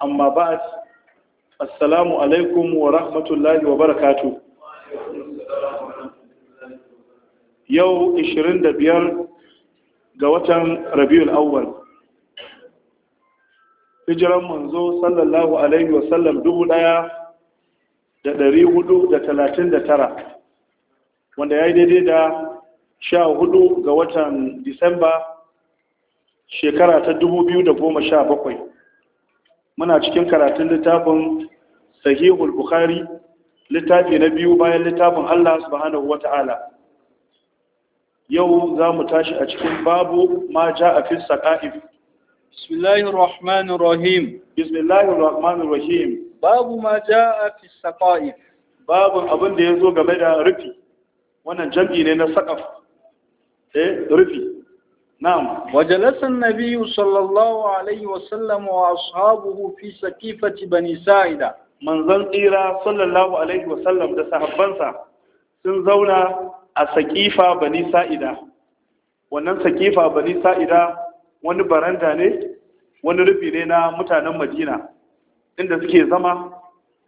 amma ba a assalamu alaikum wa rahmatullahi wa barakatu yau 25 ga watan rabiul awwal hijiran manzo sallallahu alaihi wa sallam dubu daya da dari hudu da talatin da tara wanda ya yi daidai da sha hudu ga watan disamba shekara ta dubu biyu da goma sha bakwai muna cikin karatun littafin sahihul bukhari littafi na biyu bayan littafin Allah subhanahu wata'ala yau za mu tashi a cikin babu ma ja a fi saƙa'if bismillahirrahmanirrahim bismillahirrahmanirrahim babu ma ja a fi saƙa'if Babu abin da ya zo game da rufi wannan jam'i ne na saƙaf eh rufi نعم وجلس النبي صلى الله عليه وسلم واصحابه في سقيفه بني ساعدة من قيرا صلى الله عليه وسلم ده zauna a السقيفة بني Sa'ida. wannan sakifa bani sa'ida wani baranda ne wani rufi ne na mutanen madina inda suke zama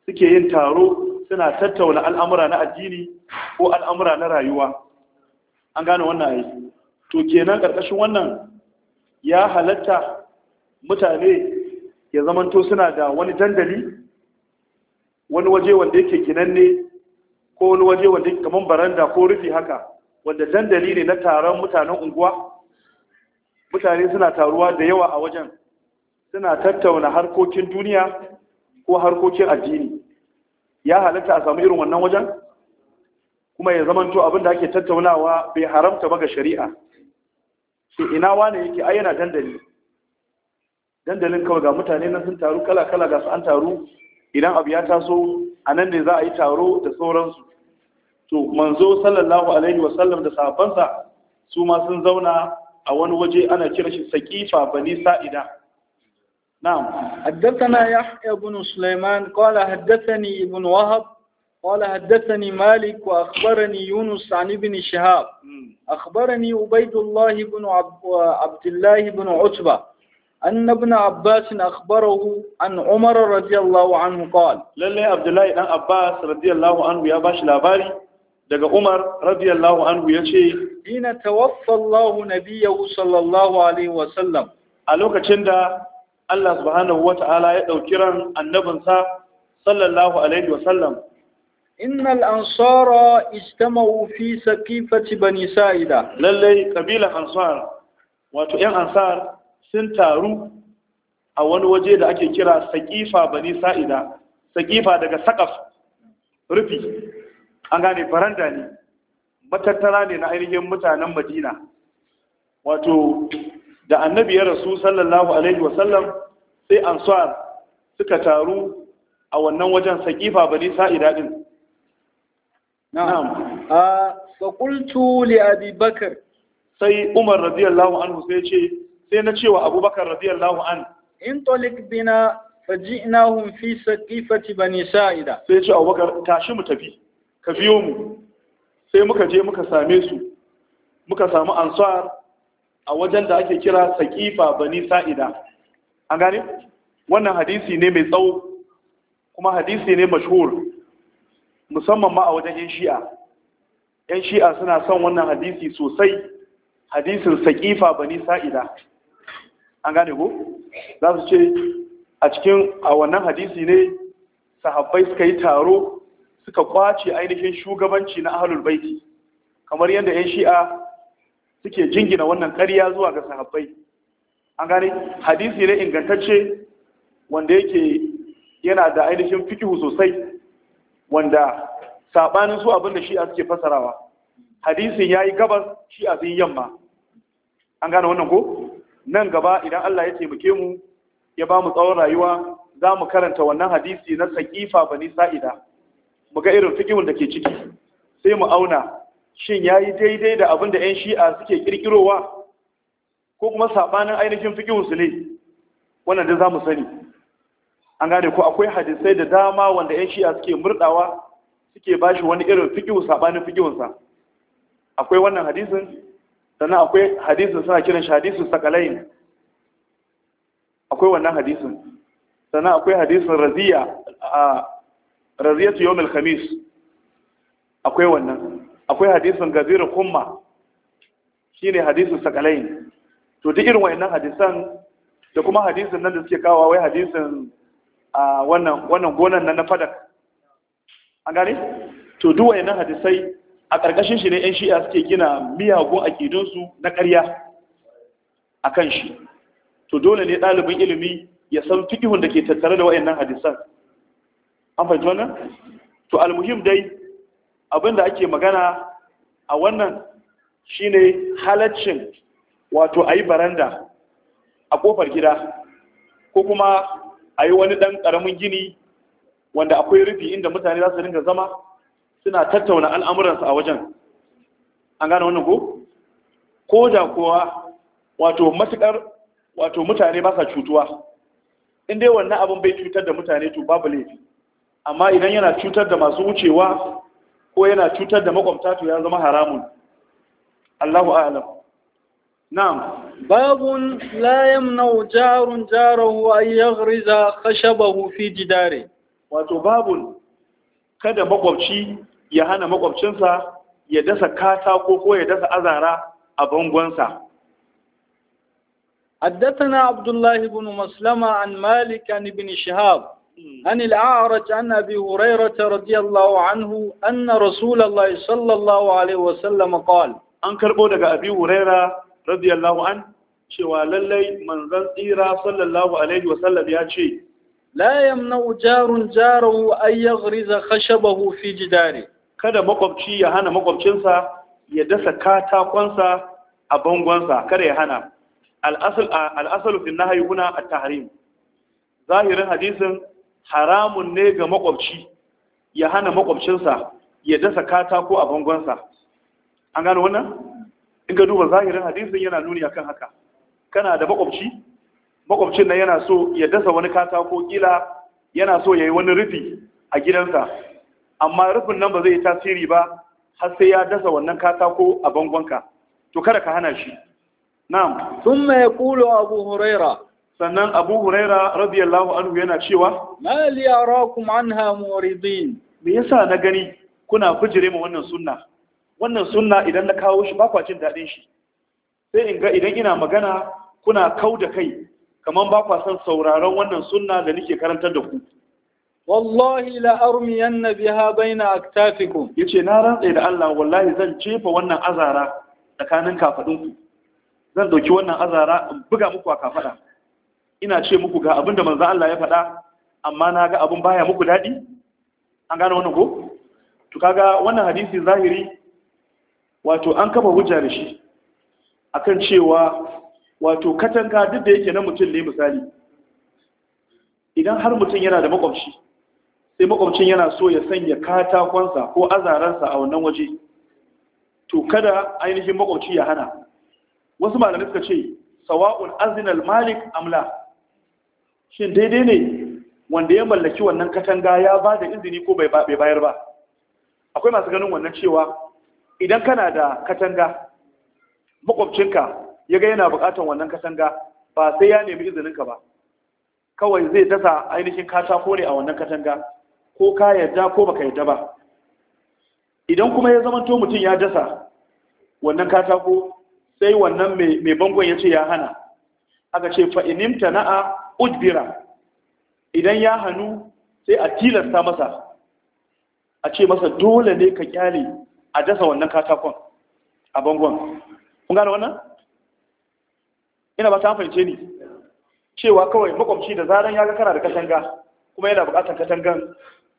suke yin taro suna tattauna al'amura na addini ko al'amura na rayuwa an gane wannan aiki to kenan karkashin wannan ya halatta mutane ya zamanto suna da wani dandali wani waje wanda yake ne, ko wani waje wanda yake kamar baranda ko rufi haka wanda dandali ne na taron mutanen unguwa mutane suna taruwa da yawa a wajen suna tattauna harkokin duniya ko harkokin addini ya halatta a samu irin wannan wajen kuma ya zamanto abin da ake tattaunawa bai haramta ba ga shari'a ce ina wane yake ai yana dandali dandalin kawai ga mutane nan sun taru kala kala ga su an taru idan abu ya taso a nan ne za a yi taro da sauransu to manzo sallallahu alaihi wa sallam da sahabbansa su ma sun zauna a wani waje ana kira shi saqifa bani sa'ida na'am haddathana yahya ibn sulaiman qala haddathani ibn wahab قال حدثني مالك واخبرني يونس عن Sani bin اخبرني عبيد الله بن عبد الله بن عتبه ان ابن عباس اخبره عن عمر رضي الله عنه قال لله عبد الله بن عباس رضي الله عنه daga Umar radiyallahu anhu yace ina tawaffa Allah nabiyahu sallallahu alaihi wa sallam a lokacin da Allah subhanahu wa ta'ala ya ɗauki ran annabinsa sallallahu alaihi wa sallam innal ansara ijtama'u fi saqifati bani sa'ida lallai kabila ansar wato yan ansar sun taru a wani waje da ake kira saqifa bani sa'ida saqifa daga saqaf rufi an gane baranda ne matattara ne na ainihin mutanen Madina wato da annabi ya rasu sallallahu alaihi wasallam sai ansar suka taru a wannan wajen saqifa bani sa'ida din na'am A li abi Bakar sai umar radiyallahu anhu sai ce sai na cewa abubakar radiyallahu an in tolik bina hun fi ba bani sa'ida sai ce Bakar, tashi mu tafi ka fiye mu sai muka je muka same su muka samu ansar a wajen da ake kira ba bani sa'ida an gane wannan hadisi ne mai tsawo kuma hadisi ne mashhur musamman ma a wajen yan shi'a yan shi'a suna son wannan hadisi sosai hadisin saƙifa bani sa'ida an gane ko za su ce a cikin a wannan hadisi ne sahabbai suka yi taro suka kwace ainihin shugabanci na ahalul baiti kamar yadda yan shi'a suke jingina wannan karya zuwa ga sahabbai an gane hadisi ne ingantacce wanda yake yana da ainihin fikihu sosai wanda sabanin su abinda shi'a suke fasarawa hadisin ya yayi gabas a sun yamma an gane wannan ko nan gaba idan Allah ya taimake mu ya ba mu tsawon rayuwa za mu karanta wannan hadisi na saƙifa bani sa'ida mu ga irin fikihun da ke ciki sai mu auna shin ya yi daidai da abin da 'yan shi'a suke ƙirƙirowa ko kuma saɓanin ainihin fikihunsu ne wannan da za mu sani an gane ko akwai hadisai da dama wanda yan shi'a suke murdawa suke bashi wani irin fiqhu saɓanin fiqhunsa akwai wannan hadisin sannan akwai hadisin suna kiran shi hadisin sakalain akwai wannan hadisin sannan akwai hadisin raziya a raziyatu yomil khamis akwai wannan akwai hadisin gazira kumma shine hadisin sakalain to duk irin wa'annan hadisan da kuma hadisin nan da suke kawo wai hadisin wannan wannan gonan nan na fadak an gane to duk wayannan hadisai a ƙarƙashin shi ne yan shi'a suke gina miyagun akidunsu na ƙarya a kan shi to dole ne ɗalibin ilimi ya san fikihun da ke tattare da wayannan hadisan an fahimci wannan to almuhim dai abinda ake magana a wannan shine halaccin wato a yi baranda a ƙofar gida ko kuma a yi wani ɗan ƙaramin gini wanda akwai rufi inda mutane za su dinga zama suna tattauna al'amuransu a wajen an gane wannan ko? ko da kuwa wato matuƙar wato mutane ba sa cutuwa in dai wannan abin bai cutar da mutane to babu laifi amma idan yana cutar da masu wucewa ko yana cutar da makwabta to ya zama haramun Allahu a'lam نعم باب لا يمنع جار جاره أن يغرز خشبه في جداره wato babun kada makwabci ya hana makwabcinsa ya dasa kata ko ya dasa azara a bangonsa. Haddathana Abdullah ibn Maslama an Malik an Shihab an al'arat an Abi Hurairah radiyallahu anhu anna Rasulullah sallallahu alaihi wa sallam qala an karɓo daga Abi Hurairah radiyallahu an cewa lallai Manzan tsira sallallahu alaihi wasallam ya ce la yamna'u jarun jarahu ay yaghriza khashabahu fi jidari kada makwabci ya hana makwabcinsa ya dasa katakonsa a bangonsa kada ya hana al'asal al'asal fi nahyi huna at-tahrim zahirin hadisin haramun ne ga makwabci ya hana makwabcinsa ya dasa katako a bangonsa an gano wannan in ka duba zahirin hadisin yana nuni akan haka kana da makwabci makwabcin nan yana so ya dasa wani katako kila yana so ya yi wani rufi a gidansa amma rufin nan ba zai yi tasiri ba har sai ya dasa wannan katako a bangonka to kada ka hana shi na'am thumma yaqulu abu huraira sannan abu huraira radiyallahu anhu yana cewa ma li anha muridin me yasa na gani kuna fujire mu wannan sunna wannan sunna idan na kawo shi ba kwa daɗin shi sai in ga idan ina magana kuna kau da kai kamar bakwa son sauraron wannan sunna da nake karantar da ku wallahi la armiyanna biha baina aktafikum yace na rantsa da Allah wallahi zan cefa wannan azara tsakanin kafadun zan ɗauki wannan azara in buga muku a kafada ina ce muku ga abinda manzo Allah ya faɗa amma na ga abin baya muku dadi an gane wannan ko to kaga wannan hadisi zahiri wato an kafa hujja da shi akan cewa wato katanga duk da yake na mutum ne misali idan har mutum yana da makwabci sai makwabcin yana so ya sanya katakonsa ko azararsa a wannan waje to kada ainihin makwabci ya hana wasu malamai suka ce sawa'un azinal malik amla shin daidai ne wanda ya mallaki wannan katanga ya ba da izini ko bai bayar ba akwai masu ganin wannan cewa idan kana da katanga makwabcinka ya ga yana bukatan wannan katanga ba sai ya nemi izininka ba kawai zai dasa ainihin katako ne a wannan katanga ko ka yarda ko baka yarda ba idan kuma ya zamanto mutum ya dasa wannan katako sai wannan mai bangon ya ce ya hana aka ce fa'inimta a ujbira idan ya hannu sai a tilasta masa a ce masa dole ne ka kyale a dasa wannan katakon a bangon kun gane wannan ina ba ta fahimce ni cewa kawai makwabci da zaran ya ga kana da katanga kuma yana buƙatar katangan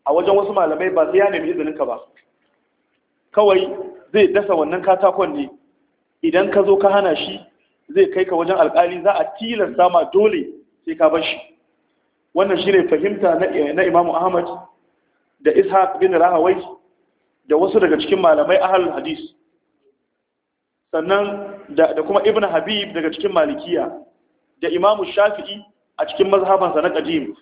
a wajen wasu malamai ba zai ya nemi izininka ba kawai zai dasa wannan katakon ne idan ka zo ka hana shi zai kai ka wajen alkali za a tilasta ma dole sai ka bar shi wannan shine fahimta na imamu Ahmad da Ishaq bin Rahawai da wasu daga cikin malamai ahal hadis sannan da kuma ibn habib daga cikin malikiya da imamu shafi'i a cikin mazhabansa na ƙadim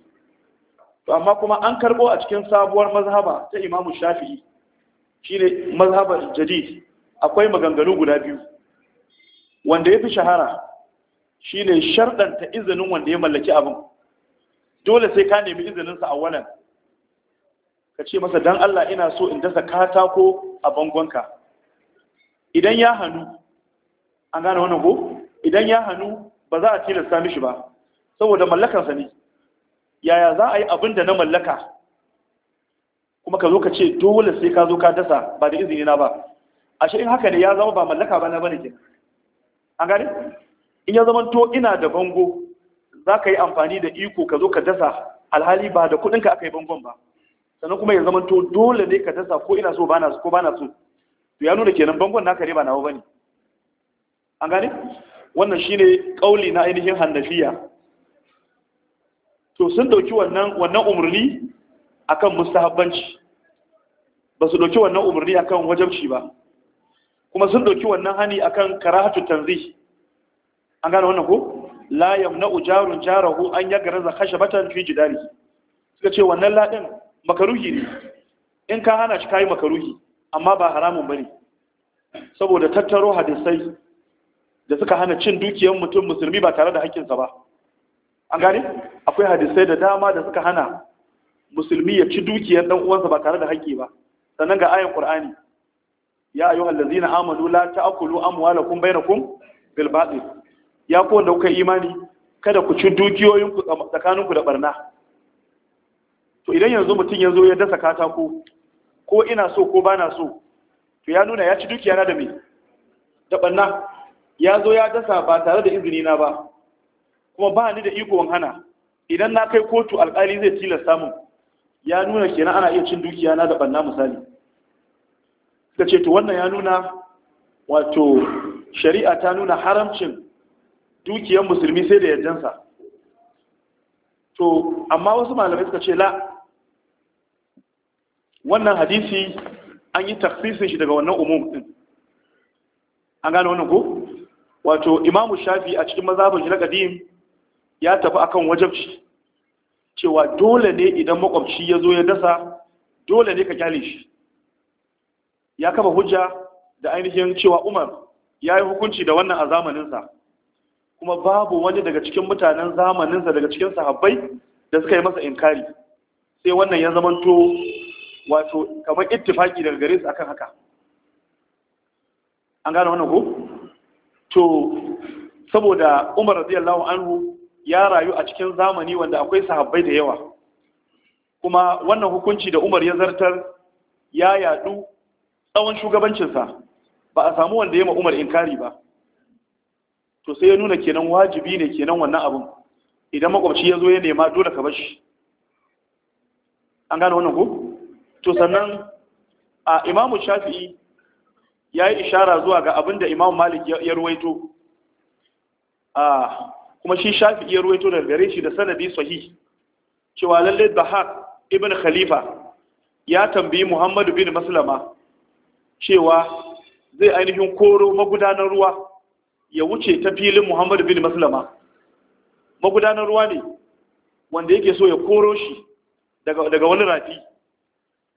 amma kuma an karɓo a cikin sabuwar mazhaba ta imamu shafi'i shine mazhabar jadid akwai maganganu guda biyu wanda ya fi shahara shine sharɗanta izinin wanda ya mallaki abin dole sai ka nemi izininsa a wannan ka ce masa dan Allah ina so in dasa katako a bangonka idan ya hannu an gane wannan ko idan ya hannu ba za a tilasta mishi ba saboda mallakansa ne yaya za a yi abin da na mallaka kuma ka zo ka ce dole sai ka zo ka dasa ba da izini na ba ashe in haka ne ya zama ba mallaka ba na bane ke an gane in ya zama to ina da bango za ka yi amfani da iko ka zo ka dasa alhali ba da kuɗinka aka yi bangon ba sannan kuma ya zamanto dole ne ka dasa ko ina so ba na ko ba na so to ya nuna kenan bangon naka ne ba nawa bane an gane wannan shine kauli na ainihin hannafiya to sun dauki wannan wannan umurni akan mustahabbanci ba su dauki wannan umurni akan wajabci ba kuma sun dauki wannan hani akan karahatu tanzih an gane wannan ko la yamna'u jarun jarahu an yagraza khashabatan fi jidari suka ce wannan ladin makaruhi ne in ka hana shi kayi makaruhi amma ba haramun bane saboda tattaro hadisai da suka hana cin dukiyar mutum musulmi ba tare da haƙƙinsa ba an gane akwai hadisai da dama da suka hana musulmi ya ci dukiyar dan uwansa ba tare da haƙƙi ba sannan ga ayan qur'ani ya ayu allazina amanu la ta'kulu amwalakum bainakum bil ya ko da kuka imani kada ku ci dukiyoyinku tsakaninku da barna to idan yanzu mutum ya zo ya dasa katako ko ina so ko ba na so to ya nuna ya ci dukiya na da mai da ɓanna ya zo ya dasa ba tare da izini na ba kuma ba ni da ikon hana idan na kai kotu alkali zai tilasta mun ya nuna kenan ana iya cin dukiya na da ɓanna misali suka ce wannan ya nuna wato shari'a ta nuna haramcin dukiyar musulmi sai da yardansa to amma wasu malamai suka ce la wannan hadisi an yi taksisin shi daga wannan umum din an gane wannan ko wato imamu shafi a cikin mazhabin shi na kadim ya tafi akan wajabci cewa dole ne idan makwabci ya zo ya dasa dole ne ka kyale shi ya kama hujja da ainihin cewa umar ya yi hukunci da wannan a zamaninsa kuma babu wani daga cikin mutanen zamaninsa daga cikin sahabbai da suka yi masa inkari sai wannan ya zamanto wato kamar ittifaki daga gare su akan haka an gane wannan ko to saboda Umar radiyallahu anhu ya rayu a cikin zamani wanda akwai sahabbai da yawa kuma wannan hukunci da Umar ya zartar ya yadu tsawon shugabancinsa ba a samu wanda ya ma Umar inkari ba to sai ya nuna kenan wajibi ne kenan wannan abun idan makwabci ya zo ya nema dole ka bashi an gane wannan ko to sannan a imamu shafi'i ya yi ishara zuwa ga abin da imamu malik ya ruwaito kuma shi shafi'i ya ruwaito daga gare shi da sanadi sahih cewa lallai bahar ibn khalifa ya tambayi muhammadu bin maslama cewa zai ainihin koro magudanar ruwa ya wuce ta filin muhammadu bin maslama magudanar ruwa ne wanda yake so ya koro shi daga wani rafi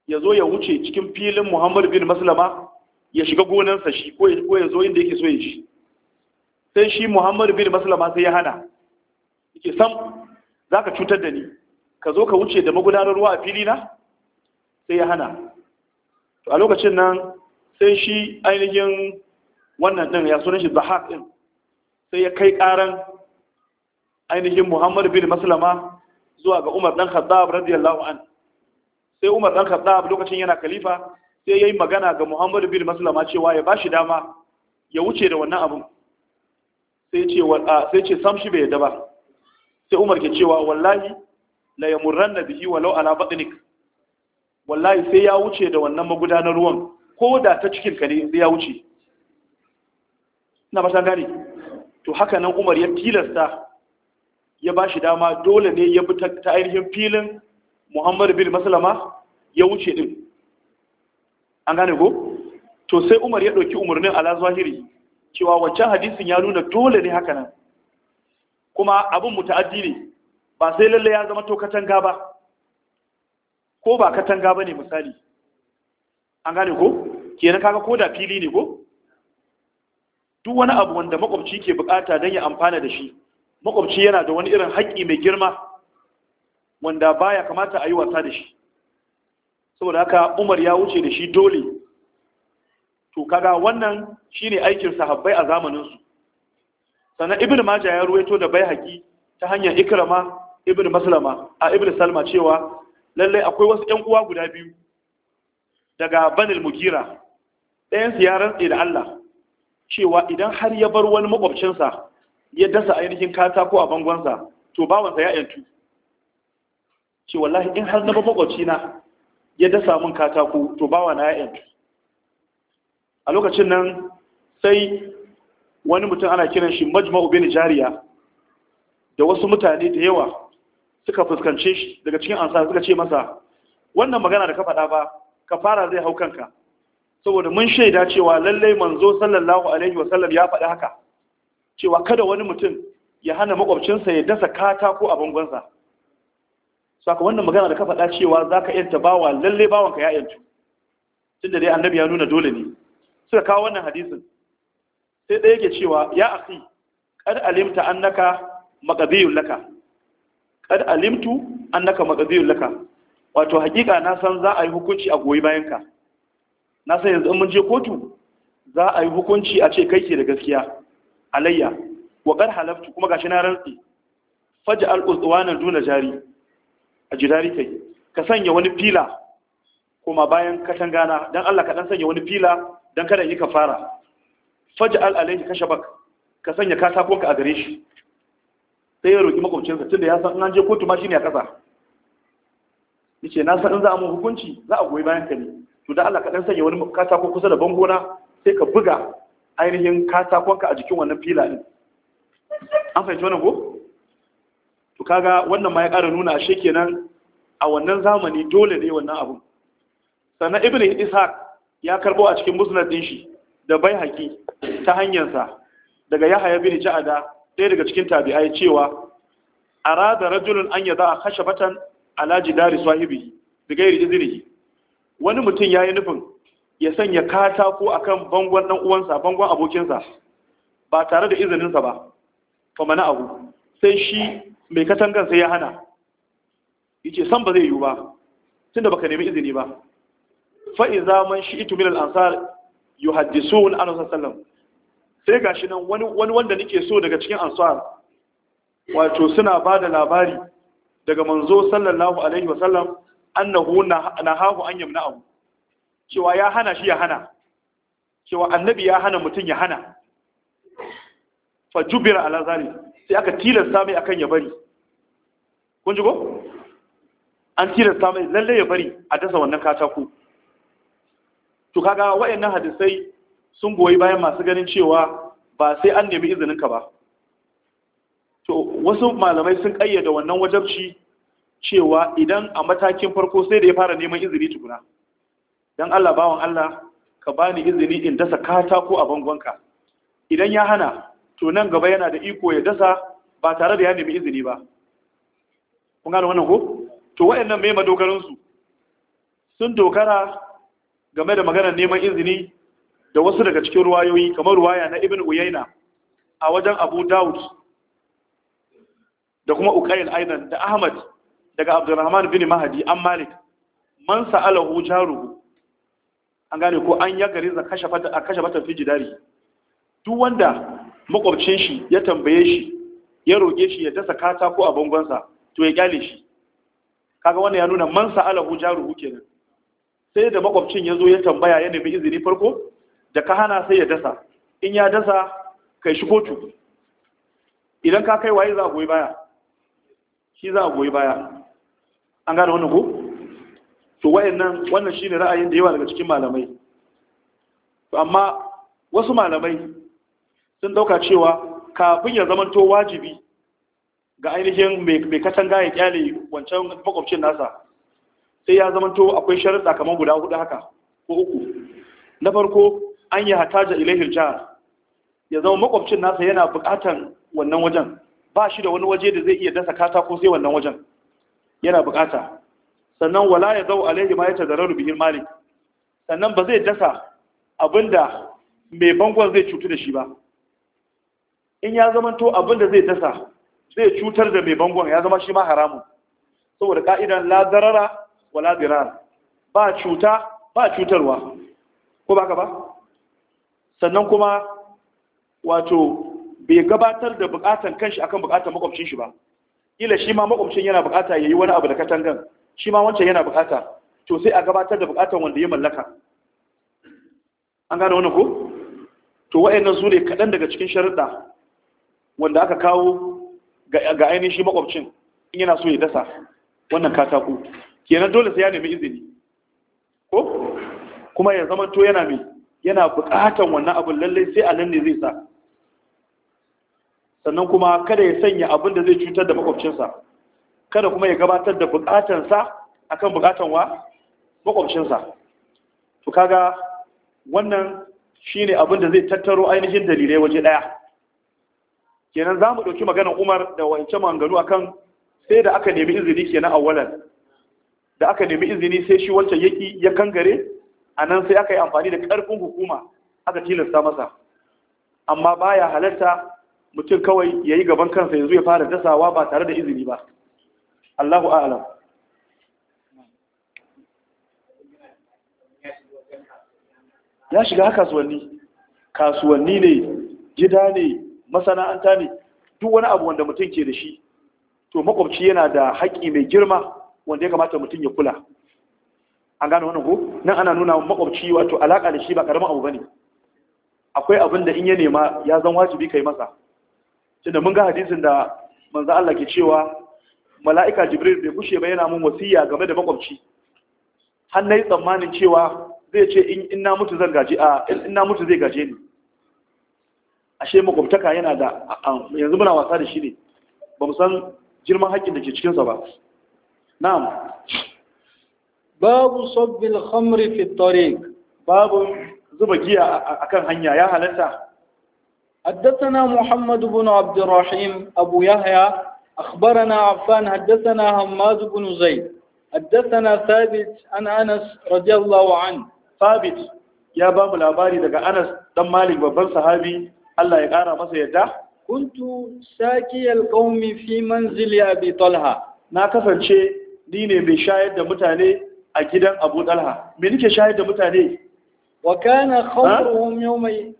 ya zo ya wuce cikin filin muhammad bin maslama ya shiga gonansa shi ko ya zo inda yake so ya shi sai shi muhammad bin maslama sai ya hana yake sam za ka cutar da ni ka zo ka wuce da magudanar ruwa a fili na sai ya hana to a lokacin nan sai shi ainihin wannan ɗin ya sunan shi zahaq ɗin sai ya kai ƙaran ainihin muhammad bin maslama zuwa ga umar ɗan khattab radiyallahu anhu sai Umar dan Khattab lokacin yana khalifa sai yayi magana ga Muhammad bin Maslama cewa ya bashi dama ya wuce da wannan abun sai ce sai ce sam shi bai yadda ba sai Umar ke cewa wallahi la yamurranna bihi walau ala batnik wallahi sai ya wuce da wannan magudanar ruwan ko da ta cikin ka sai ya wuce ina ba gani. to haka nan Umar ya tilasta ya ba shi dama dole ne ya bi ta ainihin filin muhammadu bin maslama ya wuce din an gane ko to sai umar ya ɗauki umarnin ala zahiri cewa wancan hadisin ya nuna dole ne haka nan kuma abin muta'addi ne ba sai lalle ya zama to katanga ba ko ba katanga ba ne misali an gane ko kenan kaga ko da fili ne ko duk wani abu wanda makwabci ke bukata don ya amfana da shi makwabci yana da wani irin haƙƙi mai girma wanda baya kamata a yi wasa da shi saboda haka umar ya wuce da shi dole to kaga wannan shine aikin sahabbai a zamanin su? sannan ibn majah ya ruwaito da baihaqi ta hanyar ikrama ibn maslama a ibn salma cewa lallai akwai wasu ƴan uwa guda biyu daga banil mugira ɗayan su ya rantse da Allah cewa idan har ya bar wani makwabcinsa ya dasa ainihin katako a bangonsa to bawansa ya yantu ce wallahi in har zama makwabci na ya dasa min katako to bawa na ya'yan a lokacin nan sai wani mutum ana kiran shi majma'u bin jariya da wasu mutane da yawa suka fuskance shi daga cikin ansa suka ce masa wannan magana da ka faɗa ba ka fara zai hau kanka saboda mun shaida cewa lallai manzo sallallahu alaihi wa sallam ya faɗi haka cewa kada wani mutum ya hana makwabcinsa ya dasa katako a bangonsa saka wannan magana da ka faɗa cewa za ka yanta bawa lalle bawanka ya yantu tun da dai annabi ya nuna dole ne suka kawo wannan hadisin sai ɗaya ke cewa ya akhi kad alimta annaka maqdiyun laka kad alimtu annaka maqdiyun laka wato hakika na san za a yi hukunci a goyi bayan ka na san yanzu mun je kotu za a yi hukunci a ce kai ke da gaskiya alayya wa qad halaftu kuma gashi na rantsi faj'al uswanan duna jari a jidari kai ka sanya wani fila kuma bayan katanga na don Allah ka dan sanya wani fila don kada yi kafara faj'al alayhi kashabak ka sanya katakonka ka a gare shi sai ya roki makwabcinsa tunda ya san an je kotu ma shine a kasa yace na san in za a mun hukunci za a goyi bayan ka ne to dan Allah ka dan sanya wani katako kusa da bangona sai ka buga ainihin katakonka a jikin wannan fila ne. an fahimci wannan ko to kaga wannan ma ya ƙara nuna ashe kenan a wannan zamani dole ne wannan abun sannan ibn ishaq ya karbo a cikin musnad din shi da bai haƙi ta hanyarsa daga yahaya bin ja'ada ɗaya daga cikin tabi'ai cewa arada rajulun an za a khashabatan ala jidari sahibi da gairi wani mutum yayi nufin ya sanya katako akan bangon dan uwansa bangon abokinsa ba tare da izininsa ba fa mana abu sai shi mai katangar sai ya hana ce san ba zai yiwu ba tunda baka nemi izini ba Fa'iza iza man shi'tu min al-ansar wani an Sallam. sai ga shi nan wani wanda nake so daga cikin ansar wato suna ba da labari daga manzo sallallahu alaihi wa sallam annahu nahahu an abu cewa ya hana shi ya hana cewa annabi ya hana mutum ya hana fa jubira ala zalik sai aka tilasta mai akan ya bari kun ji ko an tilasta mai lalle ya bari a dasa wannan katako to kaga wayannan hadisai sun goyi bayan masu ganin cewa ba sai an nemi izinin ka ba to wasu malamai sun kayyade wannan wajabci cewa idan a matakin farko sai da ya fara neman izini tukuna dan Allah bawan Allah ka bani izini in dasa katako a bangonka idan ya hana to nan gaba yana da iko ya dasa ba tare da ya nemi izini ba kun gane wannan ko to waɗannan mai madogaransu sun dogara game da maganar neman izini da wasu daga cikin ruwayoyi kamar ruwaya na ibn uyaina a wajen abu daud da kuma ukayil aidan da ahmad daga abdurrahman bin mahadi an malik man sa'alahu jaruhu an gane ko an yagari za kashafata a kashe fi jidari duk wanda makwabcin shi ya tambaye shi ya roƙe shi ya dasa katako a bangonsa to ya kyale shi kaga wannan ya nuna man sa'alahu jaruhu kenan sai da makwabcin ya zo ya tambaya ya nemi izini farko da ka hana sai ya dasa in ya dasa kai shi kotu idan ka kai waye za a goyi baya shi za a goyi baya an gane wannan ko to wayannan wannan shine ra'ayin da yawa daga cikin malamai amma wasu malamai sun dauka cewa kafin ya zamanto wajibi ga ainihin mai katanga ya kyale wancan makwabcin nasa sai ya zamanto akwai sharaɗa kamar guda hudu haka ko uku na farko an yi hataja ilahil jihar ya zama makwabcin nasa yana buƙatan wannan wajen ba shi da wani waje da zai iya dasa katako sai wannan wajen yana buƙata sannan wala ya zau alaihi ma ya tazararu bihin malik sannan ba zai dasa abinda mai bangon zai cutu da shi ba in ya zama to abin da zai dasa zai cutar da mai bangon ya zama shi ma haramun saboda ka'idan la darara wa la dirar ba cuta ba cutarwa ko baka ba sannan kuma wato bai gabatar da bukatan kanshi akan bukatan makwabcin shi ba ila shi ma makwabcin yana bukata yayi wani abu da katangan shi ma wancan yana bukata to sai a gabatar da bukatan wanda ya mallaka an gane wannan ko to wa'annan su ne kaɗan daga cikin sharuɗa wanda aka kawo ga ainihin shi makwabcin in yana so ya dasa wannan katako kenan dole sai ya nemi izini ko kuma ya zama to yana mai yana bukatan wannan abin lallai sai a nan ne zai sa sannan kuma kada ya sanya abin da zai cutar da makwabcinsa kada kuma ya gabatar da bukatansa kan bukatan wa makwabcinsa to kaga wannan shi ne abin da zai tattaro ainihin dalilai waje daya kenan za mu ɗauki maganar umar da wance manganu a kan sai da aka nemi izini kenan awalan da aka nemi izini sai shi wancan yaƙi ya kangare a nan sai aka yi amfani da ƙarfin hukuma aka tilasta masa amma baya halarta mutum kawai ya yi gaban kansa yanzu ya fara dasawa ba tare da izini ba Allahu a'lam ya shiga kasuwanni kasuwanni ne gida ne masana'anta ne duk wani abu wanda mutum ke da shi to makwabci yana da haƙƙi mai girma wanda ya kamata mutum ya kula an gane wannan ko nan ana nuna makwabci wato alaƙa da shi ba ƙaramin abu bane akwai abin da in ya nema ya zan wajibi kai masa tunda mun ga hadisin da manzo Allah ke cewa mala'ika Jibril bai kushe ba yana mun wasiya game da makwabci har nayi tsammanin cewa zai ce in na mutu zan gaji a in na mutu zai gaje ni ashe makwabtaka yana da yanzu muna wasa da shi ne ba mu san girman haƙƙin da ke cikinsa ba na'am babu sabbil khamri Fitorik. babu zuba giya kan hanya ya halatta حدثنا محمد بن عبد الرحيم أبو يحيى أخبرنا عفان حدثنا حماد بن زيد حدثنا ثابت عن أنس رضي الله عنه ثابت يا باب الأباري دقى أنس دم مالك ببن صحابي Allah ya ƙara masa yadda kuntu sakiyal ƙaumi fi manzili a talha na kasance ni ne mai shayar da mutane a gidan abu talha me nike shayar da mutane wa kana khawruhum yawmay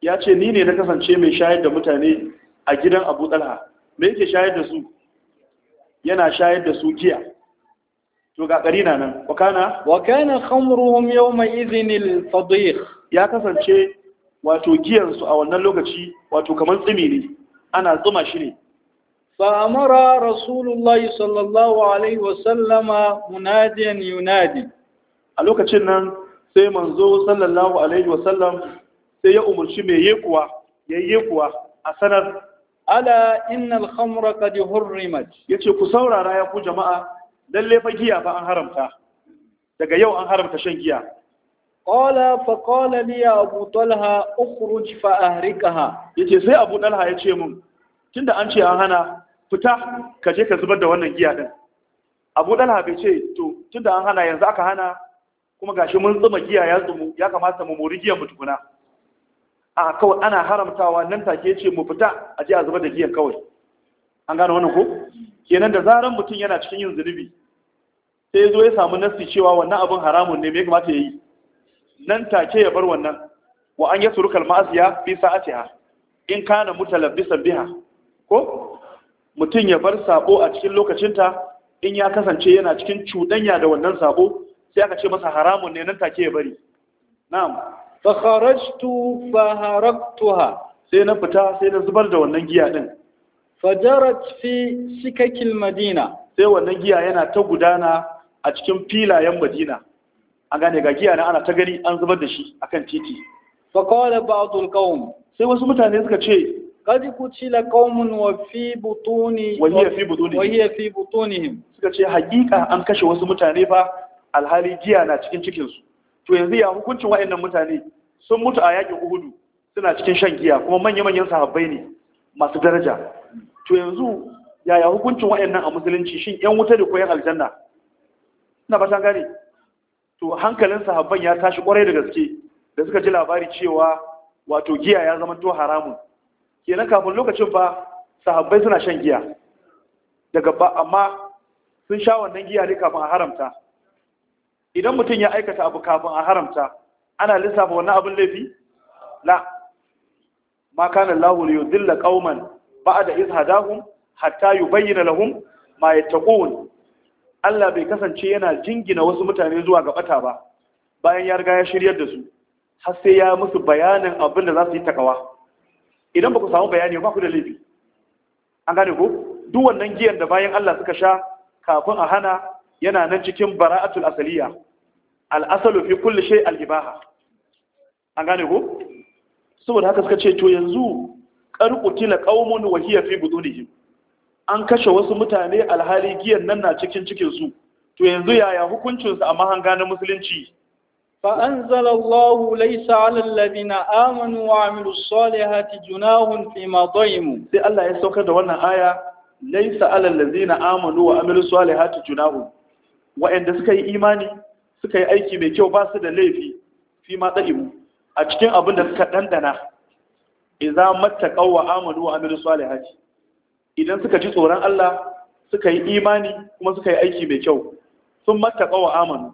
ya ce ni ne na kasance mai shayar da mutane a gidan abu talha me yake shayar da su yana shayar da su giya to ga na nan wa kana wa kana khamruhum yawma idhin al fadih ya kasance wato su a wannan lokaci wato kamar tsimi ne ana tsuma shi ne fa'amara rasulullahi sallallahu alaihi wasallama munadiyan yunadi a lokacin nan sai manzo sallallahu alaihi wasallam sai ya umarci mai yekuwa ya yekuwa a sanar ala innal khamra qad hurrimat yace ku saurara ya ku jama'a lalle fa giya fa an haramta daga yau an haramta shan giya kola faƙola ya abu talha ukhruj fa ahrikaha yace sai abu talha ya ce mun tunda an ce an hana fita ka je ka zubar da wannan giya din abu talha bai ce to tunda an hana yanzu aka hana kuma gashi mun tsuma giya ya tsumu ya kamata mu mori giyan mu tukuna a kawai ana haramtawa nan take yace mu fita a je a zubar da giyan kawai an gane wannan ko kenan da zaran mutum yana cikin yin zunubi sai zo ya samu nasi cewa wannan abin haramun ne me ya kamata ya yi nan take ya bar wannan wa an yasu al-ma'asiya bi sa'atiha in kana mutalabbisan biha ko mutum ya bar sabo a cikin lokacinta in ya kasance yana cikin cuɗanya da wannan sabo sai aka ce masa haramun ne nan take ya bari na'am fa kharajtu fa haraktuha sai na fita sai na zubar da wannan giya din fajarat fi sikakil madina sai wannan giya yana ta gudana a cikin filayen madina an gane ga giya na ana ta gari an zubar da shi akan titi fa qala ba'dul qawm sai wasu mutane suka ce qad kutila qaumun wa fi butuni wa hiya fi butuni wa hiya fi butunihim suka ce hakika an kashe wasu mutane fa alhali giya na cikin cikin su to yanzu ya hukuncin wayannan mutane sun mutu a yakin Uhudu suna cikin shan giya kuma manya manyan sahabbai ne masu daraja to yanzu yaya hukuncin wayannan a musulunci shin yan wuta da koyan aljanna ina ba gane to hankalin sahabban ya tashi kwarai da gaske da suka ji labari cewa wato giya ya zama to haramun kenan kafin lokacin ba sahabbai suna shan giya daga ba amma sun sha wannan giya ne kafin a haramta idan mutum ya aikata abu kafin a haramta ana lissafa wannan abin laifi la ma kana lahu li yudilla qauman ba'da izhadahum hatta yubayyana lahum ma yattaqun Allah bai kasance yana jingina wasu mutane zuwa ga bata ba bayan ya riga ya shiryar da su har sai ya musu bayanin abin da za su yi takawa idan baku samu bayani ba ku da laifi an gane ko duk wannan giyan da bayan Allah suka sha kafin a hana yana nan cikin bara'atul asaliya al-asalu fi kulli shay al-ibaha an gane ko saboda haka suka ce to yanzu qarqutila qaumun wa hiya fi budunihim an kashe wasu mutane alhali giyan nan na cikin cikinsu to yanzu yaya hukuncinsu a mahanga na musulunci فأنزل الله ليس على الذين آمنوا وعملوا الصالحات جناه فيما Sai Allah ya saukar da wannan aya na على wa آمنوا وعملوا الصالحات Wa wa'anda suka yi imani suka yi aiki mai kyau ba su da laifi fi ma da'imu a cikin abinda da suka dandana idza mattaqaw wa amanu wa amilu salihati idan suka ji tsoron Allah suka yi imani kuma suka yi aiki mai kyau sun mattaƙa wa amanu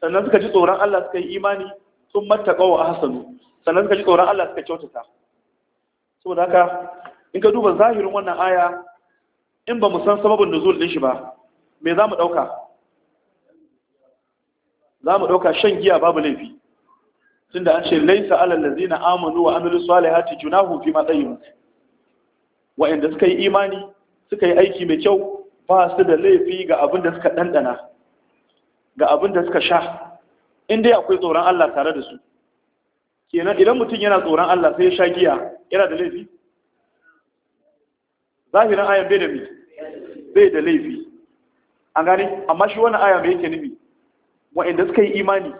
sannan suka ji tsoron Allah suka yi imani sun mattaƙa wa hasanu sannan suka ji tsoron Allah suka kyautata saboda haka in ka duba zahirin wannan aya in ba mu san sababin nuzul din shi ba me za mu ɗauka za mu ɗauka shan giya babu laifi tunda an ce laisa alal ladzina amanu wa amilus salihati junahu fi matsayin. wa'anda suka yi imani suka yi aiki mai kyau ba su da laifi ga abin da suka ɗanɗana ga abin da suka sha in dai akwai tsoron Allah tare da su kenan idan mutum yana tsoron Allah sai ya sha giya yana da laifi zahirin ayan bai da mi bai da laifi an gane amma shi wani aya mai yake nufi wa'anda suka yi imani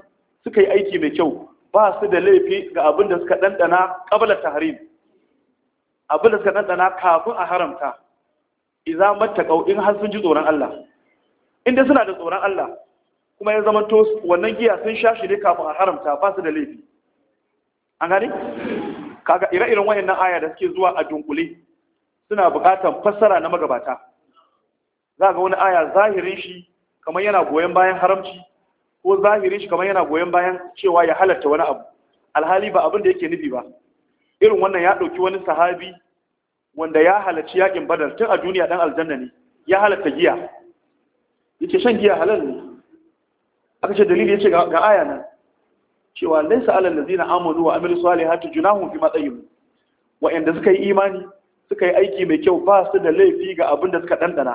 suka yi aiki mai kyau ba su da laifi ga abin da suka ɗanɗana ƙabalar taharim abin da suka ɗanɗana kafin a haramta iza mattaqau in har sun ji tsoron Allah inda suna da tsoron Allah kuma ya zama to wannan giya sun sha shi ne kafin a haramta ba su da laifi an gani kaga ire-iren wayannan aya da suke zuwa a dunkule suna buƙatar fassara na magabata za ga wani aya zahirin shi kamar yana goyon bayan haramci ko zahirin shi kamar yana goyon bayan cewa ya halarta wani abu alhali ba abin da yake nufi ba irin wannan ya ɗauki wani sahabi wanda ya halarci yakin badar tun a duniya ɗan aljanna ne ya halarta giya Ya ce shan giya halal ne aka ce dalili ya ce ga aya nan cewa laysa alal ladina amanu wa amilu salihati junahum fi matsayin wa inda suka yi imani suka yi aiki mai kyau ba su da laifi ga abin da suka dandana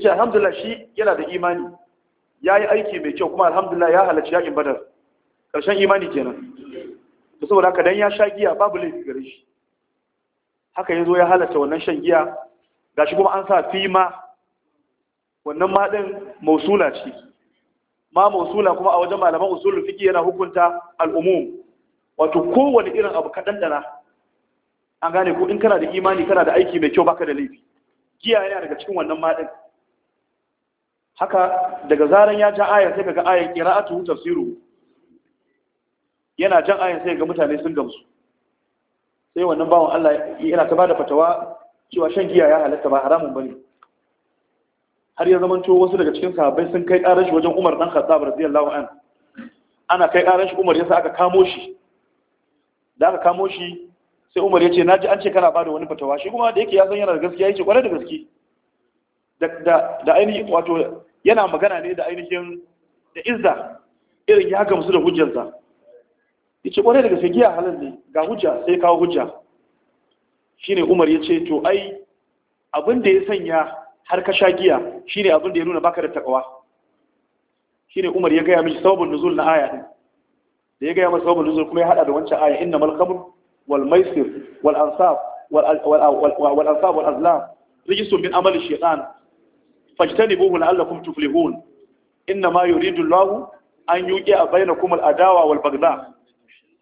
ce alhamdulillah shi yana da imani Ya yi aiki mai kyau kuma alhamdulillah ya halarci yakin badar Ƙarshen imani kenan da saboda haka dan ya sha giya babu laifi gare shi haka yazo ya halatta wannan shan giya gashi kuma an sa Fima. wannan ma din mausula ce ma mausula kuma a wajen malaman usulul fiqh yana hukunta al-umum wato kowane irin abu ka dandana an gane ko in kana da imani kana da aiki mai kyau baka da laifi giya yana daga cikin wannan ma din haka daga zaran ya ja aya sai kaga ayan qira'atu tafsiru yana can ayin sai ga mutane sun gamsu sai wannan bawon Allah yana ta bada fatawa cewa shan giya ya halatta ba haramun bane har ya to wasu daga cikin sahabbai sun kai karar shi wajen Umar dan Khattab radiyallahu an ana kai karar shi Umar yasa aka kamo shi da aka kamo shi sai Umar yace naji an ce kana bada wani fatawa shi kuma da yake ya san yana da gaskiya yace kware da gaske da da da ainihin wato yana magana ne da ainihin da izza irin ya gamsu da hujjarsa Ice kwarai daga sai giya halal ne ga hujja sai kawo hujja Shi ne Umar ya ce to ai abinda ya sanya har ka sha giya shine abin da ya nuna baka da takawa Shi ne Umar ya gaya mai sababin nuzul na aya din da ya gaya mai sababin nuzul kuma ya haɗa da wancan aya innamal khamr wal maisir wal ansab wal wal ansab wal azlam rijsun min amali shaytan fajtanibuhu la'allakum tuflihun innama yuridu Allahu an yuqi'a bainakum al adawa wal baghdha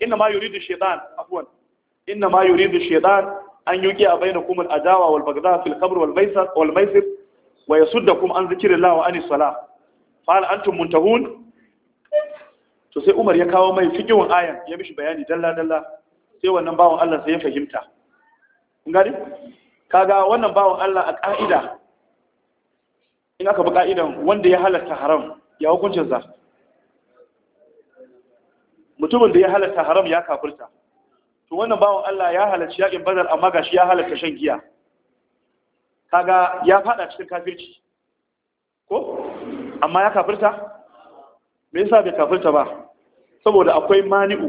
inna ma yuridu shaytan afwan inna ma yuridu shaytan an yuqiya bainakum al-adawa wal baghdha fil khamr wal maisir wal sudda kuma yasuddakum an zikrillah wa anis salah fa hal antum muntahun to sai Umar ya kawo mai fiqhun ayan ya mishi bayani dalla dalla sai wannan bawon Allah sai ya fahimta kun gane kaga wannan bawon Allah a ka'ida in aka bi ka'idan wanda ya halatta haram ya hukuncin sa mutumin da ya halatta haram ya kafirta to wannan bawon Allah ya halarci yakin badar amma gashi ya halarta shan giya kaga ya fada cikin kafirci ko amma ya kafirta me yasa bai kafirta ba saboda akwai mani'u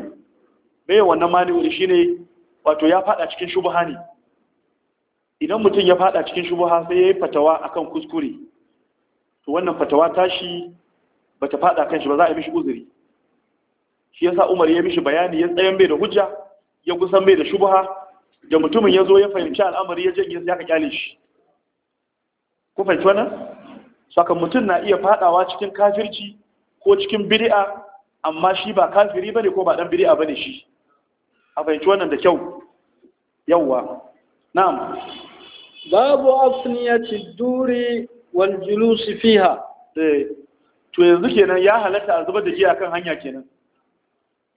me wannan mani'u shine wato ya fada cikin shubha ne idan mutum ya fada cikin shubha sai yayi fatawa akan kuskure to wannan fatawa tashi bata fada kan shi ba za a yi mishi uzuri shi yasa Umar ya mishi bayani ya tsayan bai da hujja ya kusan bai da shubha da mutumin ya zo ya fahimci al'amari ya janye ya ka kyale shi ku fahimci wannan saka mutum na iya fadawa cikin kafirci ko cikin bid'a amma shi ba kafiri bane ko ba dan bid'a bane shi a fahimci wannan da kyau yawwa na'am babu afniyati duri wal julusi fiha eh to yanzu kenan ya halatta a zubar da giya akan hanya kenan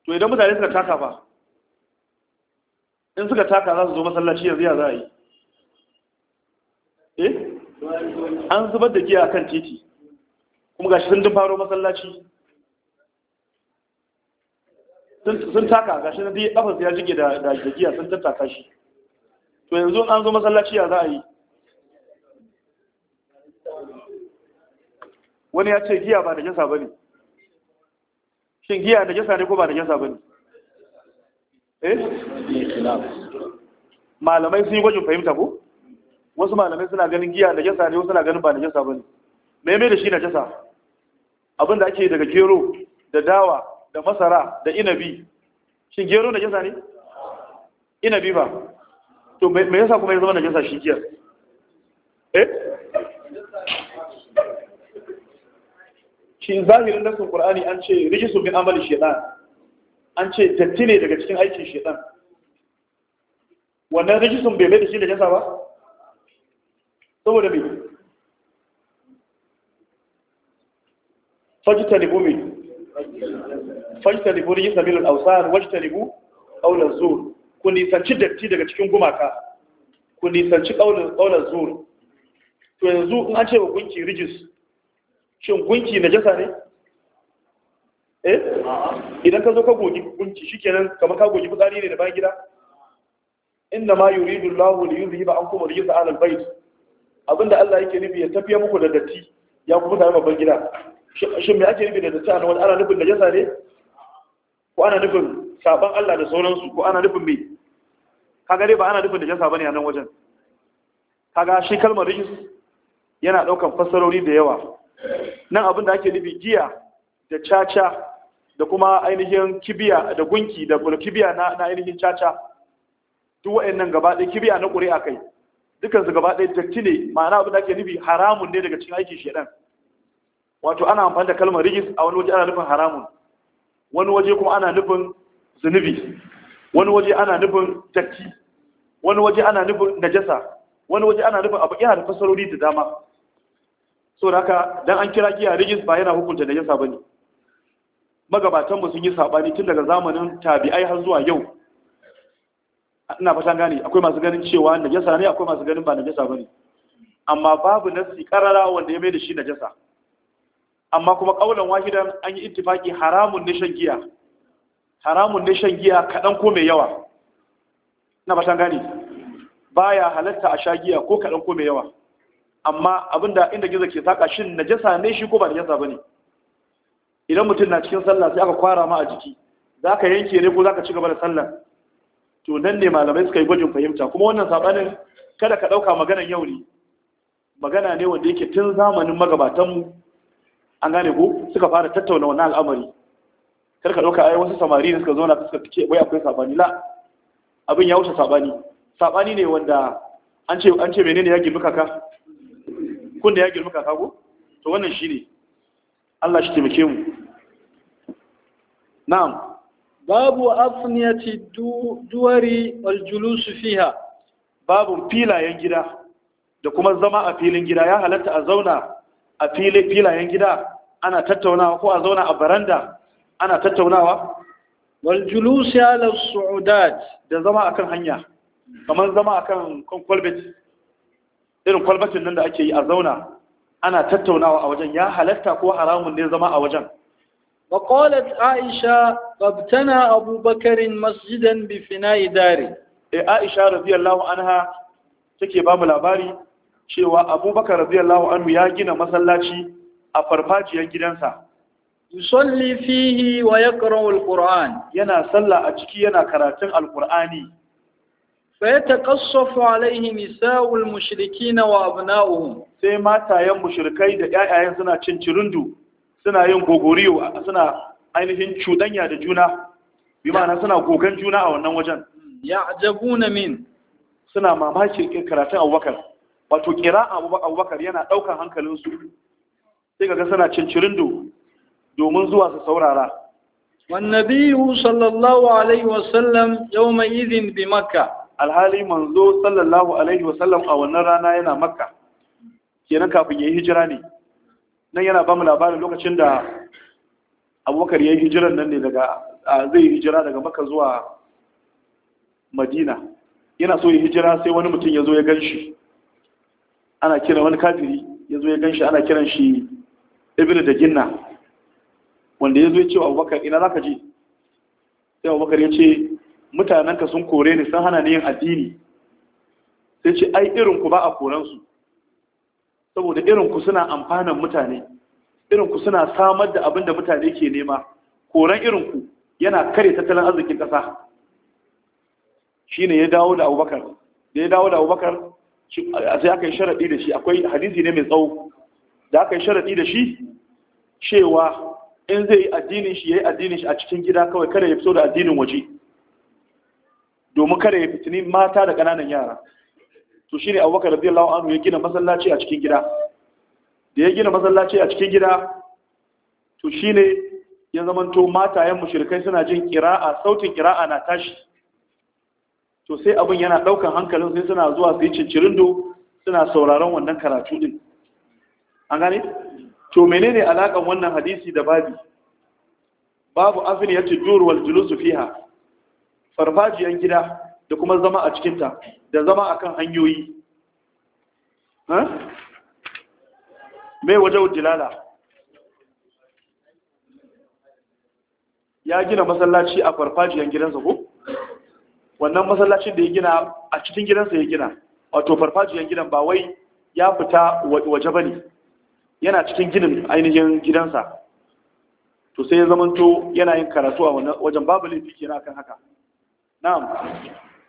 to idan mutane suka taka ba in suka taka za su zo masallaci yanzu ya za a yi eh an zubar da giya kan titi kuma gashi sun dun faro masallaci sun taka gashi na biyu kafin ya jige da giya sun tattaka shi to yanzu an zo masallaci ya za a yi wani ya ce giya ba da jinsa ba ne shin giya da jasa ne ko ba da jasa ba ne eh malamai sun yi gwajin fahimta ko wasu malamai suna ganin giya da jasa ne wasu suna ganin ba da jasa ba ne mai mai da shi na jasa abin da ake daga gero da dawa da masara da inabi shin gero na jasa ne inabi ba to mai yasa kuma ya zama na jasa shi giya eh shi zahirin nasin ƙur'ani an ce rijisu min amali shaytan an ce datti ne daga cikin aikin shaytan wannan rijisun bai bebe da shi da jasa ba saboda me fajtalibu min fajtalibu rijisa min al-awsan ribu ƙaunar zuwa ku nisanci datti daga cikin gumaka ku nisanci ƙaunar zuwa to yanzu in an ce wa gunki rijis shin gunki na jasa ne eh idan ka zo ka gogi gunki shi kenan kamar ka gogi fitsari ne da bayan gida inna ma yuridu Allahu li yuzhiba ankum rijsa ahlal bayt abinda Allah yake nufi ya tafiya muku da datti ya kuma tare babban gida shin me ake nufi da datti anan wani ana nufin da jasa ne ko ana nufin saban Allah da sauransu ko ana nufin me kaga dai ba ana nufin da jasa bane a nan wajen kaga shi kalmar rijis yana daukan fassarori da yawa nan abin da ake nufi giya da caca da kuma ainihin kibiya da gunki da kibiya na ainihin caca duk wa'annan gaba ɗaya kibiya na ƙuri'a kai su gaba ɗaya datti ne ma'ana abin da ake nufi haramun ne daga cikin aikin shedan wato ana amfani da kalmar rigis a wani waje ana nufin haramun wani waje kuma ana nufin zunubi wani waje ana nufin datti wani waje ana nufin najasa wani waje ana nufin abu yana da fasarori da dama so da haka dan an kira giya rigis ba yana hukunta da yasa bane magabatan mu sun yi sabani tun daga zamanin tabi'ai har zuwa yau ina fatan gane akwai masu ganin cewa najasa ne akwai masu ganin ba najasa bane amma babu nasi karara wanda ya mai da shi najasa amma kuma kaulan wahidan an yi ittifaki haramun ne shan giya haramun ne shan giya kadan ko mai yawa ina fatan gane baya halatta a sha giya ko kadan ko mai yawa amma abinda inda gizo ke saka shin najasa ne shi ko ba najasa bane idan mutum na cikin sallah sai aka kwara ma a jiki zaka yanke ne ko zaka ci gaba da sallah to nan ne malamai suka yi gwajin fahimta kuma wannan sabanin kada ka dauka maganan yau ne magana ne wanda yake tun zamanin magabatanmu an gane ko suka fara tattauna wannan al'amari kar ka dauka ai wasu samari ne suka zauna suka tike wai akwai sabani la abin ya wuce sabani sabani ne wanda an ce an ce menene ya gibi kaka kun da ya girma kaka ko to wannan shi ne. Allah shi taimake mu na'am babu afniyati duwari wal fiha babu filayen gida da kuma zama a filin gida ya halatta a zauna a filayen gida ana tattaunawa ko a zauna a baranda ana tattaunawa wal julus ala su'udat da zama akan hanya kamar zama akan kan kwalbet irin kwalbatin nan da ake yi a zauna ana tattaunawa a wajen ya halatta ko haramun ne zama a wajen وقالت عائشة فابتنى أبو بكر مسجدا بفناء داره إيه عائشة رضي الله عنها تكي باب الأباري شيوا أبو بكر رضي الله عنه ياجينا مسلاتي أفرفاجي يجدنسا يصلي فيه ويقرأ القرآن ينا صلى أجكي ينا كراتن القرآني فيتقصف عليه نساء المشركين وأبناؤهم sai matayen mushrikai da ƴaƴayen suna cincirundu suna yin gogoriyo suna ainihin cudanya da juna bi ma'ana suna gogan juna a wannan wajen ya'jabuna min suna mamakin karatun Abubakar wato kira Abubakar yana daukan hankalin su sai kaga suna cincirundu domin zuwa su saurara والنبي صلى الله عليه وسلم bi بمكة alhali manzo sallallahu alaihi wasallam a wannan rana yana makka kenan kafin ya yi hijira ne nan yana ba mu labarin lokacin da abubakar ya yi hijiran nan ne daga zai hijira daga makka zuwa madina yana so ya hijira sai wani mutum ya zo ya gan shi ana kira wani kafiri ya zo ya gan shi ana kiran shi ibn da ginna wanda ya zo ya ce wa abubakar ina za ka je sai abubakar ya ce mutanenka sun kore ni sun hana ni yin addini sai ce ai irinku ba a koransu saboda irinku suna amfanan mutane irinku suna samar da abin da mutane ke nema koran irinku yana kare tattalin arzikin ƙasa shi ne ya dawo da abubakar da ya dawo da abubakar sai aka yi sharaɗi da shi akwai hadisi ne mai tsawo da aka yi sharaɗi da shi cewa in zai yi addinin shi ya yi addinin shi a cikin gida kawai kada ya fito da addinin waje domin kada ya fitini mata da ƙananan yara to shine abubakar radiyallahu anhu ya gina masallaci a cikin gida da ya gina masallaci a cikin gida to shine ya zamanto matayen mushrikai suna jin kira'a sautin kira'a na tashi to sai abin yana ɗaukan hankalin sai suna zuwa su yi cincirindo suna sauraron wannan karatu din an gane to menene alakan wannan hadisi da babi babu afin ya ce juruwal julusu fiha farfajiyar gida da kuma zama a cikinta da zama a kan hanyoyi mai waje dilala ya gina masallaci a farfajiyar gidansa ko wannan masallacin da ya gina a cikin gidansa ya gina wato farfajiyar gidan ba wai ya fita waje ba ne yana cikin ginin ainihin gidansa to sai ya zamanto yana yin karatu a wajen babu laifi kenan akan haka نعم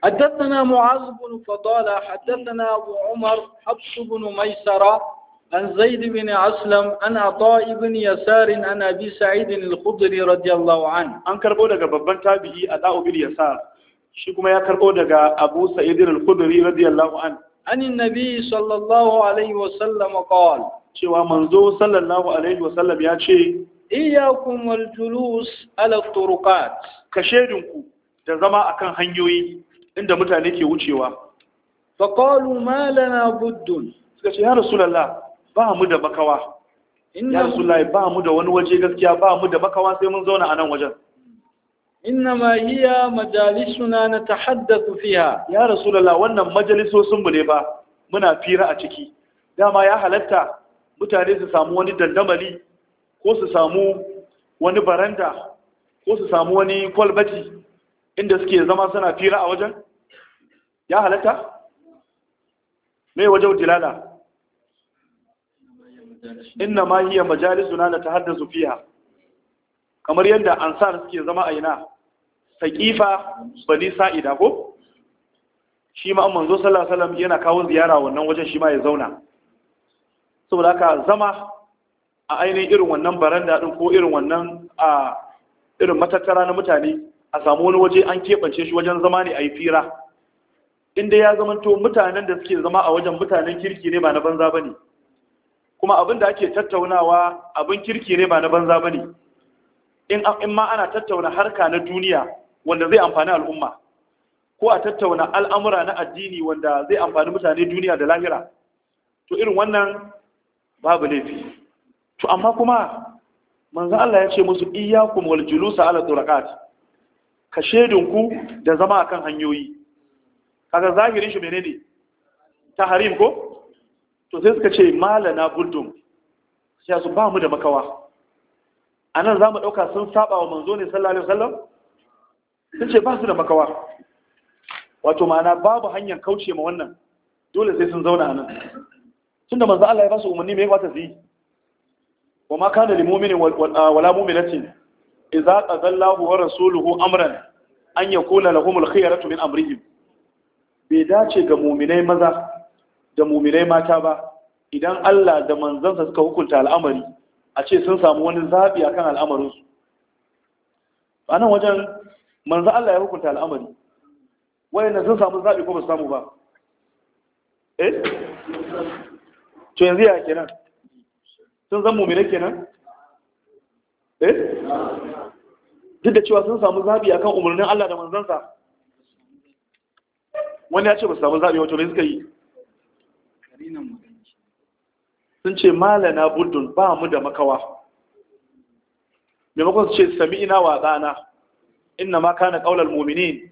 حدثنا معاذ بن فضالة حدثنا أبو عمر حفص بن ميسرة عن زيد بن أسلم عن عطاء بن يسار عن أبي سعيد الخدري رضي الله عنه أن كربو دقا ببن تابعي أداء باليسار شكما يا كربو دقا أبو سعيد الخدري رضي الله عنه عن النبي صلى الله عليه وسلم قال cewa manzo sallallahu alaihi wasallam ya ce iyakum wal julus ala turuqat ka shedinku da zama akan hanyoyi inda mutane ke wucewa faƙalu ma lana buddun suka ce ya rasulallah ba mu da makawa ya rasulallah ba mu da wani waje gaskiya ba mu da makawa sai mun zauna a nan wajen innama hiya majalisuna na fi fiha ya rasulallah wannan majalisosin mu ne ba muna fira a ciki dama ya halatta mutane su samu wani dandamali ko su samu wani baranda ko su samu wani kwalbati inda suke zama suna fira a wajen ya halatta mai wajen dilala inna ma hiya da ta hadda zufiya kamar yadda ansar suke zama a ina Saƙifa bani sa'ida ko shi ma manzo sallallahu yana kawo ziyara wannan wajen shi ma ya zauna saboda aka zama a ainihin irin wannan baranda ko irin wannan a irin matattara na mutane a samu wani waje an keɓance shi wajen zama ne a yi fira inda ya zamanto mutanen da suke zama a wajen mutanen kirki ne ba na banza ba ne kuma abin da ake tattaunawa abin kirki ne ba na banza ba ne in ma ana tattauna harka na duniya wanda zai amfani al'umma ko a tattauna al'amura na addini wanda zai amfani mutane duniya da lahira to irin wannan babu laifi to amma kuma manzo Allah ya ce musu iyyakum wal julusa ala turaqat ka shedinku da zama akan hanyoyi kaga zahirin shi menene harim ko to sai suka ce malana buldum sai su ba mu da makawa anan zamu dauka sun saba wa manzo ne sallallahu alaihi wasallam sun ce ba su da makawa wato ma'ana babu hanyar kauce ma wannan dole sai sun zauna anan tunda manzo Allah ya ba su umarni me ya kwata su yi wa ma kana lil wala mu'minatin iza qadallahu wa rasuluhu amran an yakuna lahumul khiyaratu min amrihim bai dace ga mu'minai maza da mu'minai mata ba idan Allah da manzansa suka hukunta al'amari a ce sun samu wani zabi akan al'amarin su anan wajen manzo Allah ya hukunta al'amari wayanda sun samu zabi ko ba su samu ba eh to yanzu ya kenan sun zan mu'minai kenan eh duk da cewa sun samu zabi akan umarnin Allah da manzansa wani ya ce ba su samu zabi wato ne suka yi sun ce malana buddun ba mu da makawa maimakon su ce sami ina wa tsana inna ma kana qaulal mu'minin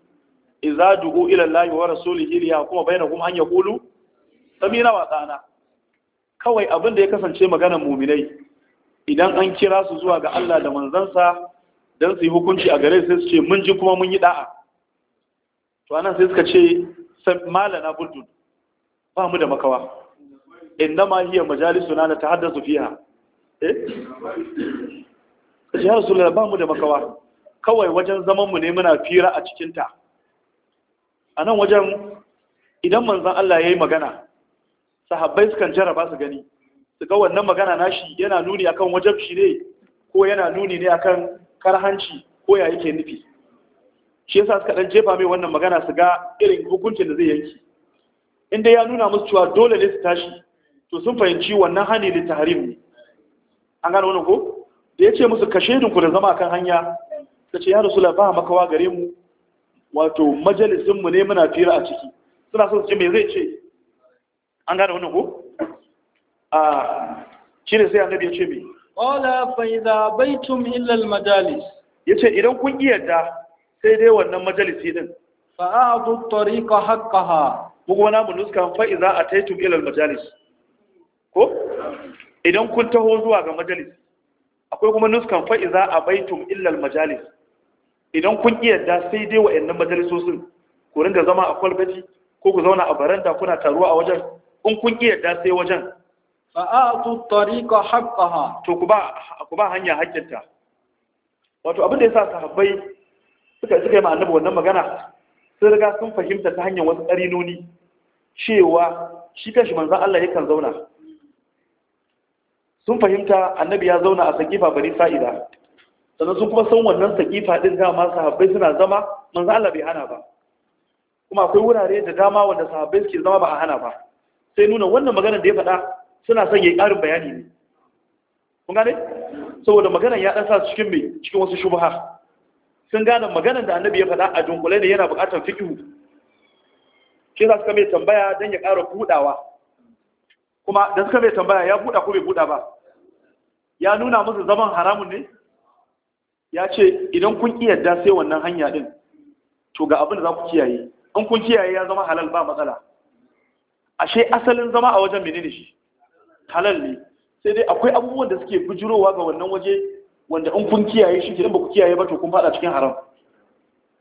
idza du'u ila Allahi wa rasulihi liyahkuma kuma an yaqulu sami ina wa tsana kawai abin da ya kasance maganar mu'minai idan an kira su zuwa ga Allah da manzansa don su yi hukunci a gare sai su ce mun ji kuma mun yi da'a to anan sai suka ce malana buldun ba mu da makawa inda ma hiya majalisu na ta haddasa fiha eh ya rasulullah ba mu da makawa kawai wajen zaman mu ne muna fira a cikin ta anan wajen idan manzon Allah yayi magana sahabbai sukan jaraba su gani su ga wannan magana nashi yana nuni akan wajabci ne ko yana nuni ne akan karhanci ko ya yake nufi shi yasa suka dan jefa mai wannan magana su ga irin hukuncin da zai yanki Inda ya nuna musu cewa dole ne su tashi to sun fahimci wannan hani da tahrim ne an gano wannan ko da yace musu kashe ku da zama kan hanya kace ya rasula ba makawa gare mu wato majalisin mu ne muna fira a ciki suna so su ce me zai ce an gano wannan ko a ah, shi ne sai annabi ya ce me Ƙola fa'iza baitum illal majalis. Ya ce, Idan kun yarda sai dai wannan majalisi ɗin. Fa'adu tariƙa haƙƙaha. Kuma na mu nuskan fa'iza a taitun illal majalis. Ko? Idan kun taho zuwa ga majalis. Akwai kuma nuskan fa'iza a tun illal majalis. Idan kun yarda sai dai wa'annan majalisosin. Ku ringa zama a kwalbati ko ku zauna a baranda kuna taruwa a wajen. In kun yarda sai wajen. fa'atu tariqa haqqaha to ku ba ku ba hanya hakkinta wato abin da yasa sahabbai suka suka yi annabi wannan magana sun riga sun fahimta ta hanyar wasu ƙarinoni cewa shi kanshi manzon Allah yakan zauna sun fahimta annabi ya zauna a sakifa bari sa'ida sannan sun kuma san wannan sakifa din ma sahabbai suna zama manzon Allah bai hana ba kuma akwai wurare da dama wanda sahabbai suke zama ba a hana ba sai nuna wannan magana da ya faɗa suna son yi ƙarin bayani ne kun gane saboda maganar ya dan sa cikin mai cikin wasu shubha sun gane maganar da annabi ya faɗa a dunkule ne yana buƙatar fiqhu shi za suka mai tambaya don ya ƙara buɗawa kuma da suka mai tambaya ya buɗa ko bai buɗa ba ya nuna musu zaman haramun ne ya ce idan kun yadda sai wannan hanya ɗin to ga abin da za ku kiyaye in kun kiyaye ya zama halal ba matsala ashe asalin zama a wajen menene shi halal ne sai dai akwai abubuwan da suke bujirowa ga wannan waje wanda in kun kiyaye shi ke ba ku kiyaye ba to kun fada cikin haram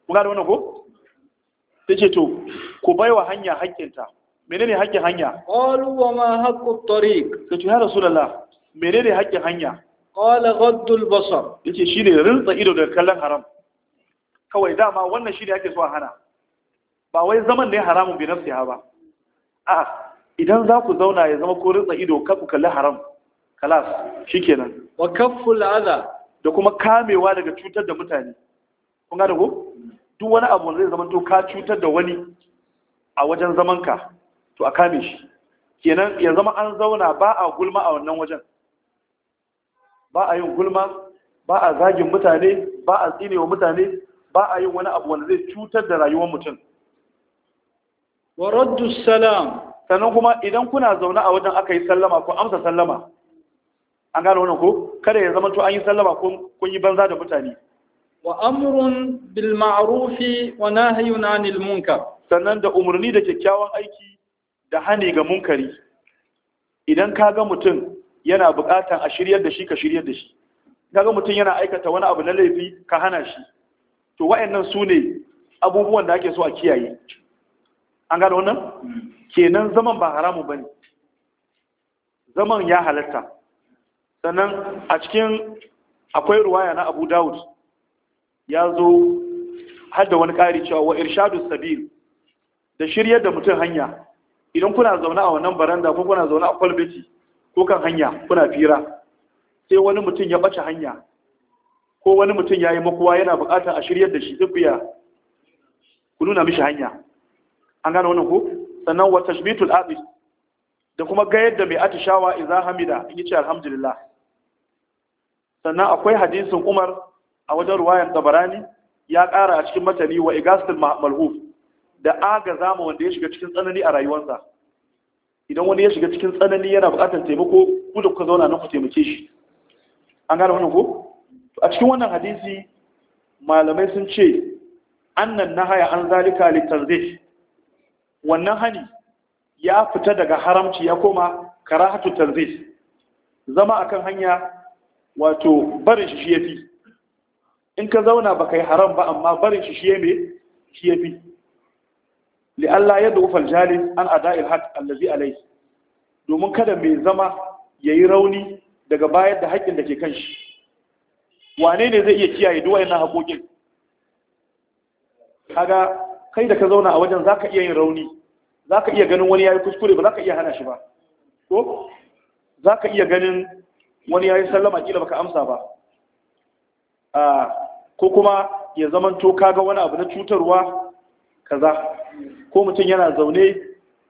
kun ga wannan ko sai ce to ku baiwa hanya haƙƙinta menene haƙƙin hanya qalu wa ma haqqu tariq sai to ya rasulullah menene haƙƙin hanya qala ghaddu basar yace shine rinsa ido daga kallon haram kawai dama wannan shine ake so a hana ba wai zaman ne haramun bi nafsiha ba a'a idan za ku zauna ya zama ko ritsa ido kafu ku kalli haram kalas shi kenan, wa kafu la'aza da kuma kamewa daga cutar da mutane kun ga ko duk wani abu zai zama to ka cutar da wani a wajen zaman ka to a kame shi kenan ya zama an zauna ba a gulma a wannan wajen ba a yin gulma ba a zagin mutane ba a tsinewa mutane ba a yin wani abu wanda zai cutar da rayuwar mutum wa raddu salam sannan kuma idan kuna zaune a wajen aka yi sallama ko amsa sallama an gano wannan ko kada ya zama to an yi sallama ko kun yi banza da mutane wa amrun bil ma'ruf wa nahyun 'anil munkar sannan da umarni da kyakkyawan aiki da hani ga munkari idan ka ga mutum yana buƙatar a shiryar da shi ka shiryar da shi kaga mutum yana aikata wani abu na laifi ka hana shi to wayannan su ne abubuwan da ake so a kiyaye an gano wannan hmm. kenan zaman ba haramu bane zaman ya halatta sannan a cikin akwai ruwaya na Abu Dawud ya zo hadda wani ƙari cewa wa irshadu sabil da shiryar da mutum hanya idan kuna zaune a wannan baranda ko kuna zaune a kwalbeti ko kan hanya kuna fira sai wani mutum ya ɓace hanya ko wani mutum ya yi makuwa yana buƙatar a shiryar da shi duk ku nuna mishi hanya an gane wannan ko sannan wa tashbitul abi da kuma ga yadda mai atishawa idza hamida in yace alhamdulillah sannan akwai hadisin Umar a wajen ruwayan Tabarani ya ƙara a cikin matani wa igastul malhuf da aga zama wanda ya shiga cikin tsanani a rayuwarsa idan wani ya shiga cikin tsanani yana buƙatar taimako ku da kuka zauna nan ku taimake shi an gane wannan ko a cikin wannan hadisi malamai sun ce annan nahaya an zalika litanzih wannan hani ya fita daga haramci ya koma karahatu tanzis, zama akan hanya wato barin shi shi in ka zauna baka yi haram ba amma barin shi shi yame shi yafi li Allah ya dufa aljalis an ada'il haqq allazi alayhi domin kada mai zama yayi rauni daga bayar da haƙƙin da ke kan shi wane ne zai iya kiyaye duk wayannan haƙoƙin kaga kai da ka zauna a wajen za ka iya yin rauni za ka iya ganin wani ya yi kuskure ba za ka iya hana shi ba ko za ka iya ganin wani ya yi sallama kila baka amsa ba ko kuma ya zamanto kaga wani abu na cutarwa kaza ko mutum yana zaune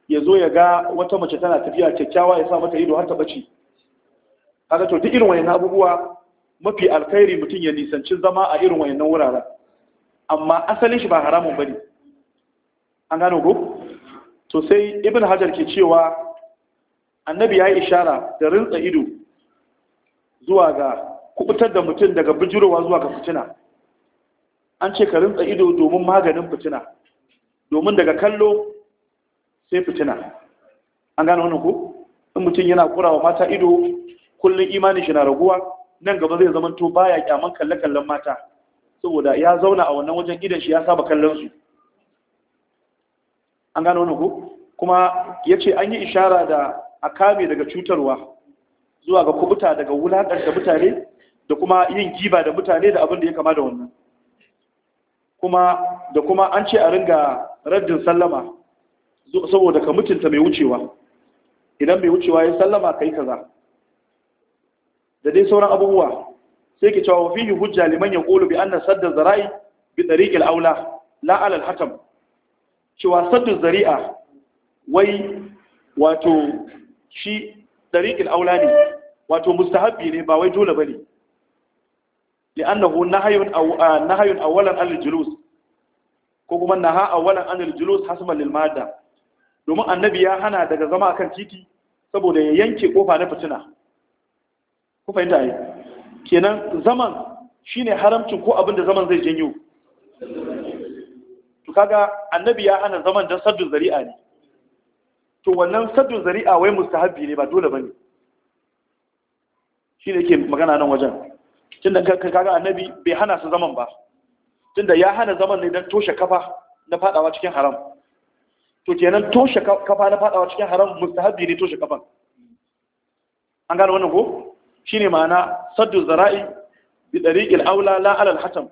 ya zo ya ga wata mace tana tafiya kyakkyawa ya sa mata ido har ta bace kaga to duk irin wayannan abubuwa mafi alkhairi mutum ya nisanci zama a irin wayannan wuraren amma asalin shi ba haramun bane an gano ku? to sai ibn hajar ke cewa annabi ya yi ishara da rinsa ido zuwa ga kubutar da mutum daga bijirowa zuwa ga fitina an ce ka rintsa ido domin maganin fitina domin daga kallo sai fitina an gano wani ku? in mutum yana kurawa mata ido kullum imanin shi na raguwa nan gaba zai zama to baya kyaman kalle-kallen mata saboda ya zauna a wannan wajen gidan shi ya saba kallon su an gano wani ku. kuma ya ce an yi ishara da a kame daga cutarwa zuwa ga kubuta daga da mutane da kuma yin giba da mutane da abin da ya kama da wannan kuma da kuma an ce a ringa raddin sallama saboda ka mutunta mai wucewa idan mai wucewa ya sallama ka yi kaza da dai sauran abubuwa sai ke cewa yi hujja liman ya yaqulu bi an na sadda zara'i bi tariqil aula la'alal hatam cewa sadu zari'a wai wato shi dariƙin aula ne wato mustahabbi ne ba wai dole bane li'annahu nahyun aw nahyun awwalan anil julus ko kuma naha awwalan anil julus hasban lil madda domin annabi ya hana daga zama akan titi saboda ya yanke kofa na fitina ku fahimta ai kenan zaman shine haramcin ko abin da zaman zai janyo to kaga annabi ya hana zaman dan saddu zari'a ne to wannan saddu zari'a wai mustahabbi ne ba dole bane shi ne ke magana nan wajen tunda kaga annabi bai hana su zaman ba tunda ya hana zaman ne dan toshe kafa na fadawa cikin haram to kenan toshe kafa na fadawa cikin haram mustahabbi ne toshe kafan an gane wannan ko shine ma'ana saddu zara'i bi dariqil aula la ala al-hatam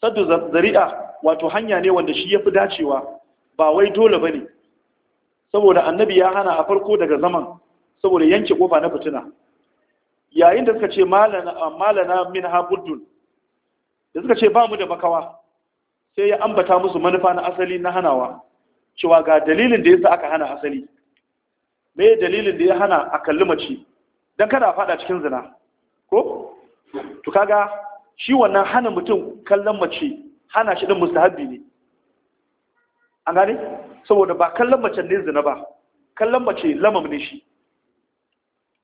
saddu zari'a wato hanya ne wanda shi ya fi dacewa ba wai dole ba ne saboda annabi ya hana a farko daga zaman saboda yanke kofa na fitina yayin da suka ce malana min habuddun da suka ce ba mu da bakawa, sai ya ambata musu manufa na asali na hanawa cewa ga dalilin da yasa aka hana asali me dalilin da ya hana a kalli mace don kada a fada cikin zina ko to kaga shi wannan hana mutum kallon mace hana shi din mustahabbi ne an gane saboda ba kallon mace ne zina ba kallon mace lamam ne shi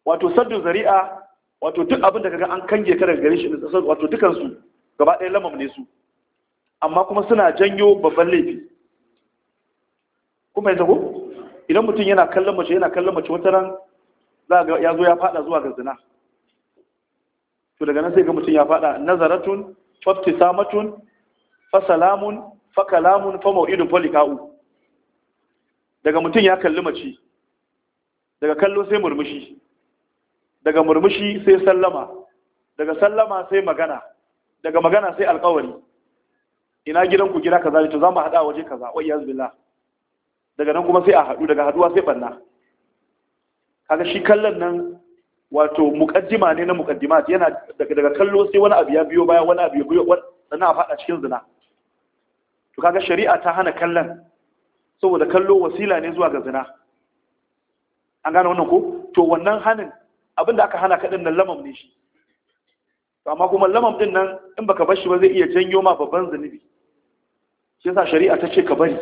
wato saddu zari'a wato duk abin da kaga an kange ka daga gare shi wato dukansu, gaba ɗaya lamam ne su amma kuma suna janyo babban laifi kuma yanzu ko idan mutum yana kallon mace yana kallon mace wata ran za ga ya zo ya fada zuwa ga zina to daga nan sai ga mutum ya faɗa nazaratun faftisamatun fa salamun fa mau'idun liqa'u daga mutum ya kalli mace daga kallo sai murmushi daga murmushi sai sallama daga sallama sai magana daga magana sai alƙawari ina gidan ku gida kaza to za mu haɗa waje kaza wa iyaz billah daga nan kuma sai a haɗu daga haɗuwa sai banna kaga shi kallon nan wato mukaddima ne na mukaddimat yana daga kallo sai wani abu ya biyo baya wani abu ya biyo wani a faɗa cikin zina to kaga shari'a ta hana kallon saboda kallo wasila ne zuwa ga zina an gane wannan ko to wannan hanin abinda aka hana kaɗin nan lamam ne shi To amma kuma lamam din nan in baka bar shi ba zai iya janyo ma babban zunubi shi yasa shari'a ta ce ka bari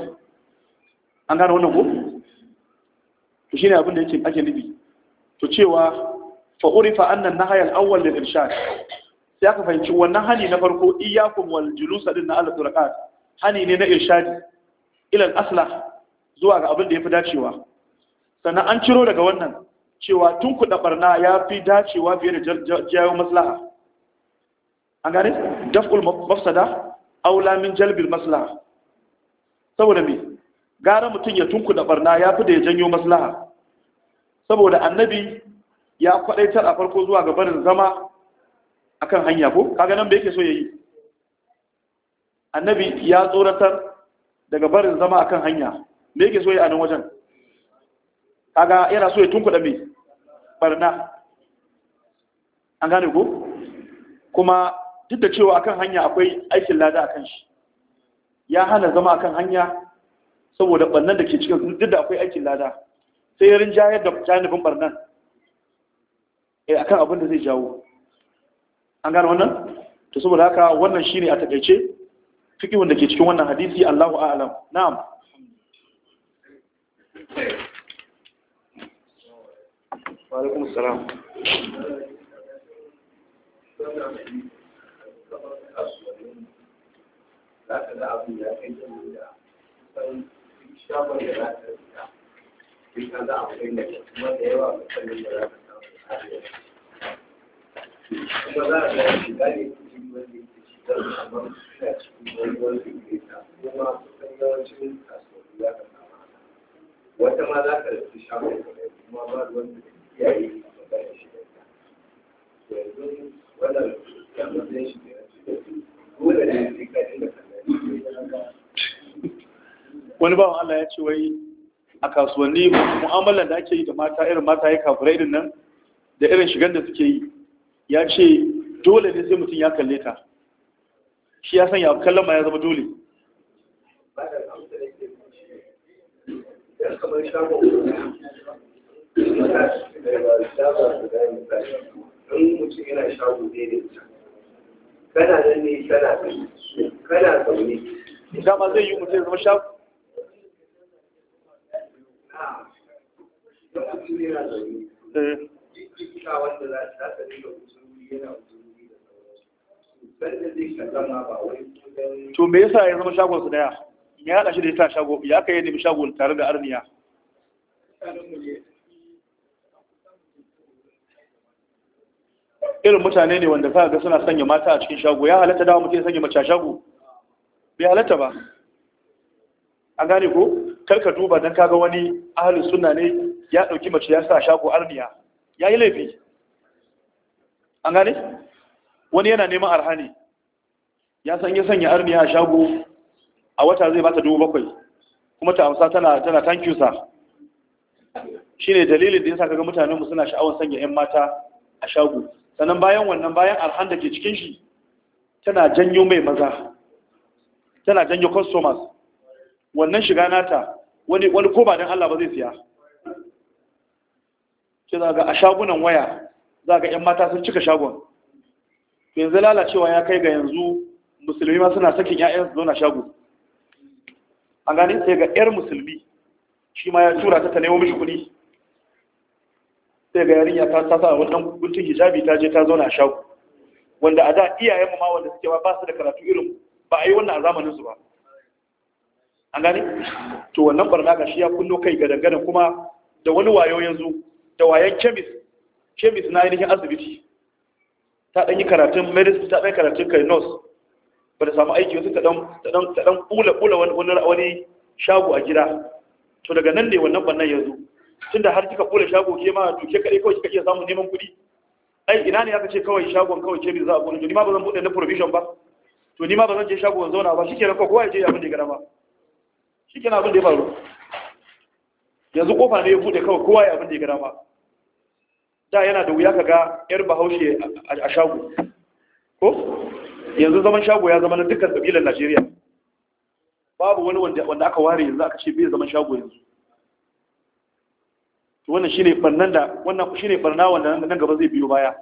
an gane wannan ko to shine abin da yake ake nufi to cewa fa urifa annan na awwal lil irshad sai aka fahimci wannan hani na farko iyyakum wal julus din na al turakat hani ne na irshadi ila al aslah zuwa ga abin da yafi dacewa sannan an ciro daga wannan cewa tun kuɗa barna ya fi dacewa fiye da jayo maslaha an gane dafkul mafsada aula min jalbil maslaha saboda me gara mutum ya tunkuɗa barna ya fi da ya janyo maslaha saboda annabi ya kwadaitar a farko zuwa ga barin zama akan hanya ko kaga nan da yake so yayi annabi ya tsoratar daga barin zama akan hanya me yake so yayi a nan wajen kaga yana so ya tunkuɗa me barna an gane ko kuma duk da cewa akan hanya akwai aikin lada akan shi ya hana zama akan hanya saboda barnan da ke cikin duk da akwai aikin lada sai rinjayar da janibin barnan a eh, akan abin da zai jawo an gano wannan to saboda haka wannan shine a takaice fiki da ke cikin wannan hadisi Allahu a'lam na'am wa alaikum assalam wata ma za ka shafin kuma ba wanda ya yi shi da ta yanzu wannan shi da dole ne sai ka dinga wani bawan Allah ya ce wai a kasuwanni mu'amalar da ake yi da mata irin mata ya kafura nan da irin shigar da suke yi ya ce dole ne sai mutum ya kalle ta shi ya sanya kallon ma ya zama dole dama zai yi mutum zama wanda za ta yana da sauransu zai ba to me yasa ya zama shagon su daya me ya shi da ita shago ya kai yi nemi shagon tare da arniya irin mutane ne wanda za ga suna sanya mata a cikin shago ya halatta da mutum ya sanya mace a shago bai halatta ba A gane ko karka duba don kaga wani ahalin suna ne ya ɗauki mace ya sa shago arniya ya yi laifi an gane wani yana neman arhani ya san ya sanya arni a shago a wata zai bata dubu bakwai kuma ta amsa tana tana thank Shi ne dalilin da yasa kaga mutanen mu suna sha'awar sanya yan mata a shago sannan bayan wannan bayan arhan da ke cikin shi tana janyo mai maza tana janyo customers wannan shiga nata wani wani ko ba dan Allah ba zai siya sai za ga a shagunan waya za ga 'yan mata sun cika shagon yanzu lalacewa ya kai ga yanzu musulmi ma suna sakin 'ya'yan su zauna shago A gani sai ga 'yar musulmi shi ma ya tura ta ta nemo mishi kuɗi sai ga yarinya ta sa a wannan guntun hijabi ta je ta zauna shago wanda a da iyayen ma wanda suke ba su da karatu irin ba a yi wannan a zamanin su ba an gani to wannan barna ga shi ya kullo kai gadan gadan kuma da wani wayo yanzu da kemis kemis na ainihin asibiti ta ɗan yi karatun medicine ta ɗan karatun kai ba da samu aiki wasu ta ɗan ɓula wani shago a gida to daga nan ne wannan bannan ya zo tunda har kika ɓula shago ke ma duke kaɗai kawai kika iya samun neman kuɗi ai ina ne aka ce kawai shagon kawai kemis za a buɗe to ni ma ba zan buɗe na provision ba to ni ma ba zan je shago zauna ba shi kenan kowa ya je abin da ya gara ba shi kenan abin da ya faru yanzu kofa ne ya buɗe kawai kowa ya abin da ya gara ba da yana da wuya ka ga yar bahaushe a shago ko yanzu zaman shago ya zama na dukkan kabilan najeriya babu wani wanda aka ware yanzu aka ce bai zaman shago yanzu wannan shine barnan da wannan shine barna wanda nan gaba zai biyo baya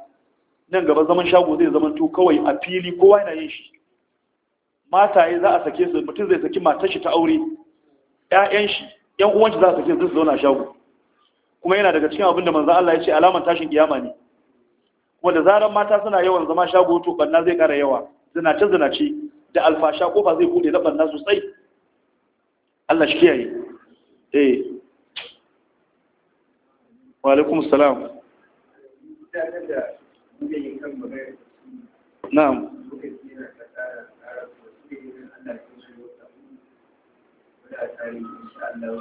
nan gaba zaman shago zai zama to kawai a fili kowa yana yin shi mataye za a sake su mutum zai saki matar shi ta aure ƴaƴan shi ƴan uwan shi za a sake su zauna shago kuma yana daga cikin abinda da manzo Allah ya ce alaman tashin kiyama ne kuma da zaran mata suna yawan zama shago to banna zai kara yawa zinace zinace da alfasha kofa zai bude na banna sosai Allah shi kiyaye eh wa alaikum salam na'am Thank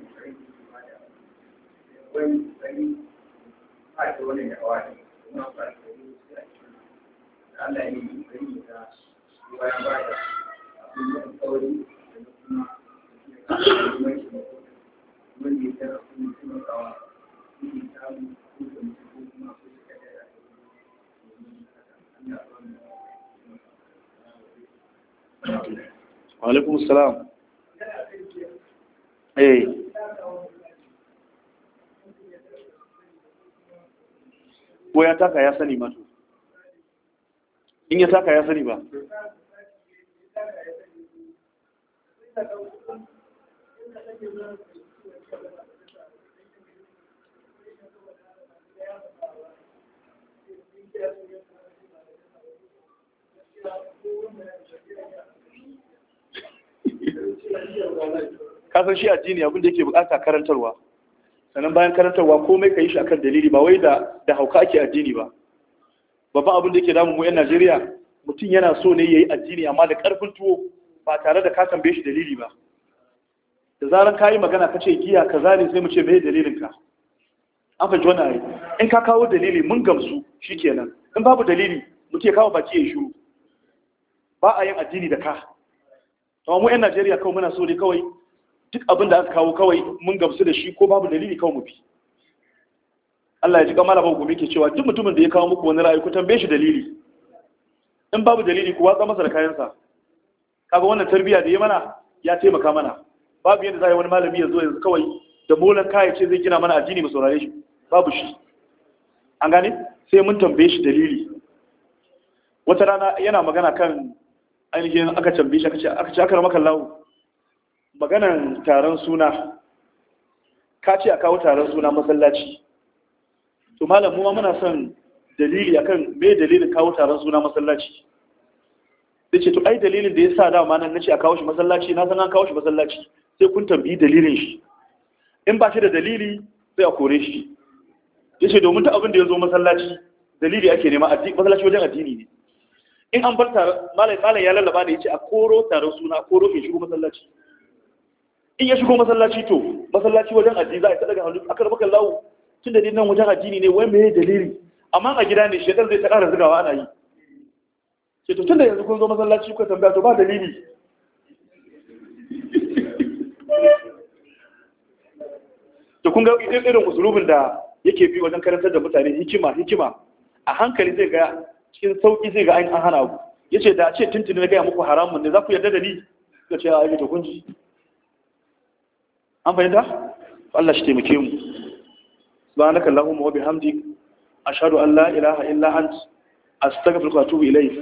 wani Wa salam. Eh. ko ya taka ya sani mato in ya taka ya sani ba kasan shi addini abinda yake bukata karantarwa sannan bayan karantarwa komai ka yi shi akan dalili ba wai da da hauka ake addini ba babban abin da yake damu mu yan Najeriya mutum yana so ne yayi addini amma da karfin tuwo ba tare da ka tambaye shi dalili ba da zaran ka yi magana ka ce giya kaza ne sai mu ce bai dalilin ka an fahimci wannan in ka kawo dalili mun gamsu shikenan in babu dalili mu ke kawo baki ya shiru ba a yin addini da ka amma mu yan Najeriya kawai muna so ne kawai duk abin da aka kawo kawai mun gamsu da shi ko babu dalili kawai mu bi Allah ya ji kamar abin gumi ke cewa duk mutumin da ya kawo muku wani ra'ayi ku tambaye shi dalili in babu dalili ku watsa masa da kayansa kaga wannan tarbiyya da ya mana ya taimaka mana babu yadda zai wani malami ya zo yanzu kawai da bolan kai ce zai gina mana addini mu saurare shi babu shi an gane sai mun tambaye shi dalili wata rana yana magana kan ainihin aka tambaye shi aka ce aka ce aka ramaka lawo maganan taron suna ka ce a kawo taron suna masallaci to malam mu ma muna son dalili akan me dalilin kawo taron suna masallaci dace ce to ai dalilin da ya sa dama nan nace a kawo shi masallaci na san an kawo shi masallaci sai kun tambayi dalilin shi in ba shi da dalili sai a kore shi ya ce domin ta abin da ya zo masallaci dalili ake nema masallaci wajen addini ne in an bar taron malam ya lallaba da ya ce a koro taron suna a koro mai shigo masallaci in ya shigo masallaci to masallaci wajen addini za a ta daga hannu akar baka lawo tun da nan wajen addini ne wai mai dalili amma a gida ne shekar zai ta ƙara zugawa ana yi ce to tun da yanzu kun zo masallaci kuka tambaya to ba dalili to kun ga irin usulubin da yake bi wajen karantar da mutane hikima hikima a hankali zai ga cikin sauki zai ga an hana ku yace da ce tuntuni na gaya muku haramun ne za ku yarda da ni ga ce a yi da kunji an fahimta Allah shi taimake mu subhanaka allahumma wa bihamdik ashhadu an la ilaha illa anta astaghfiruka wa atubu ilayk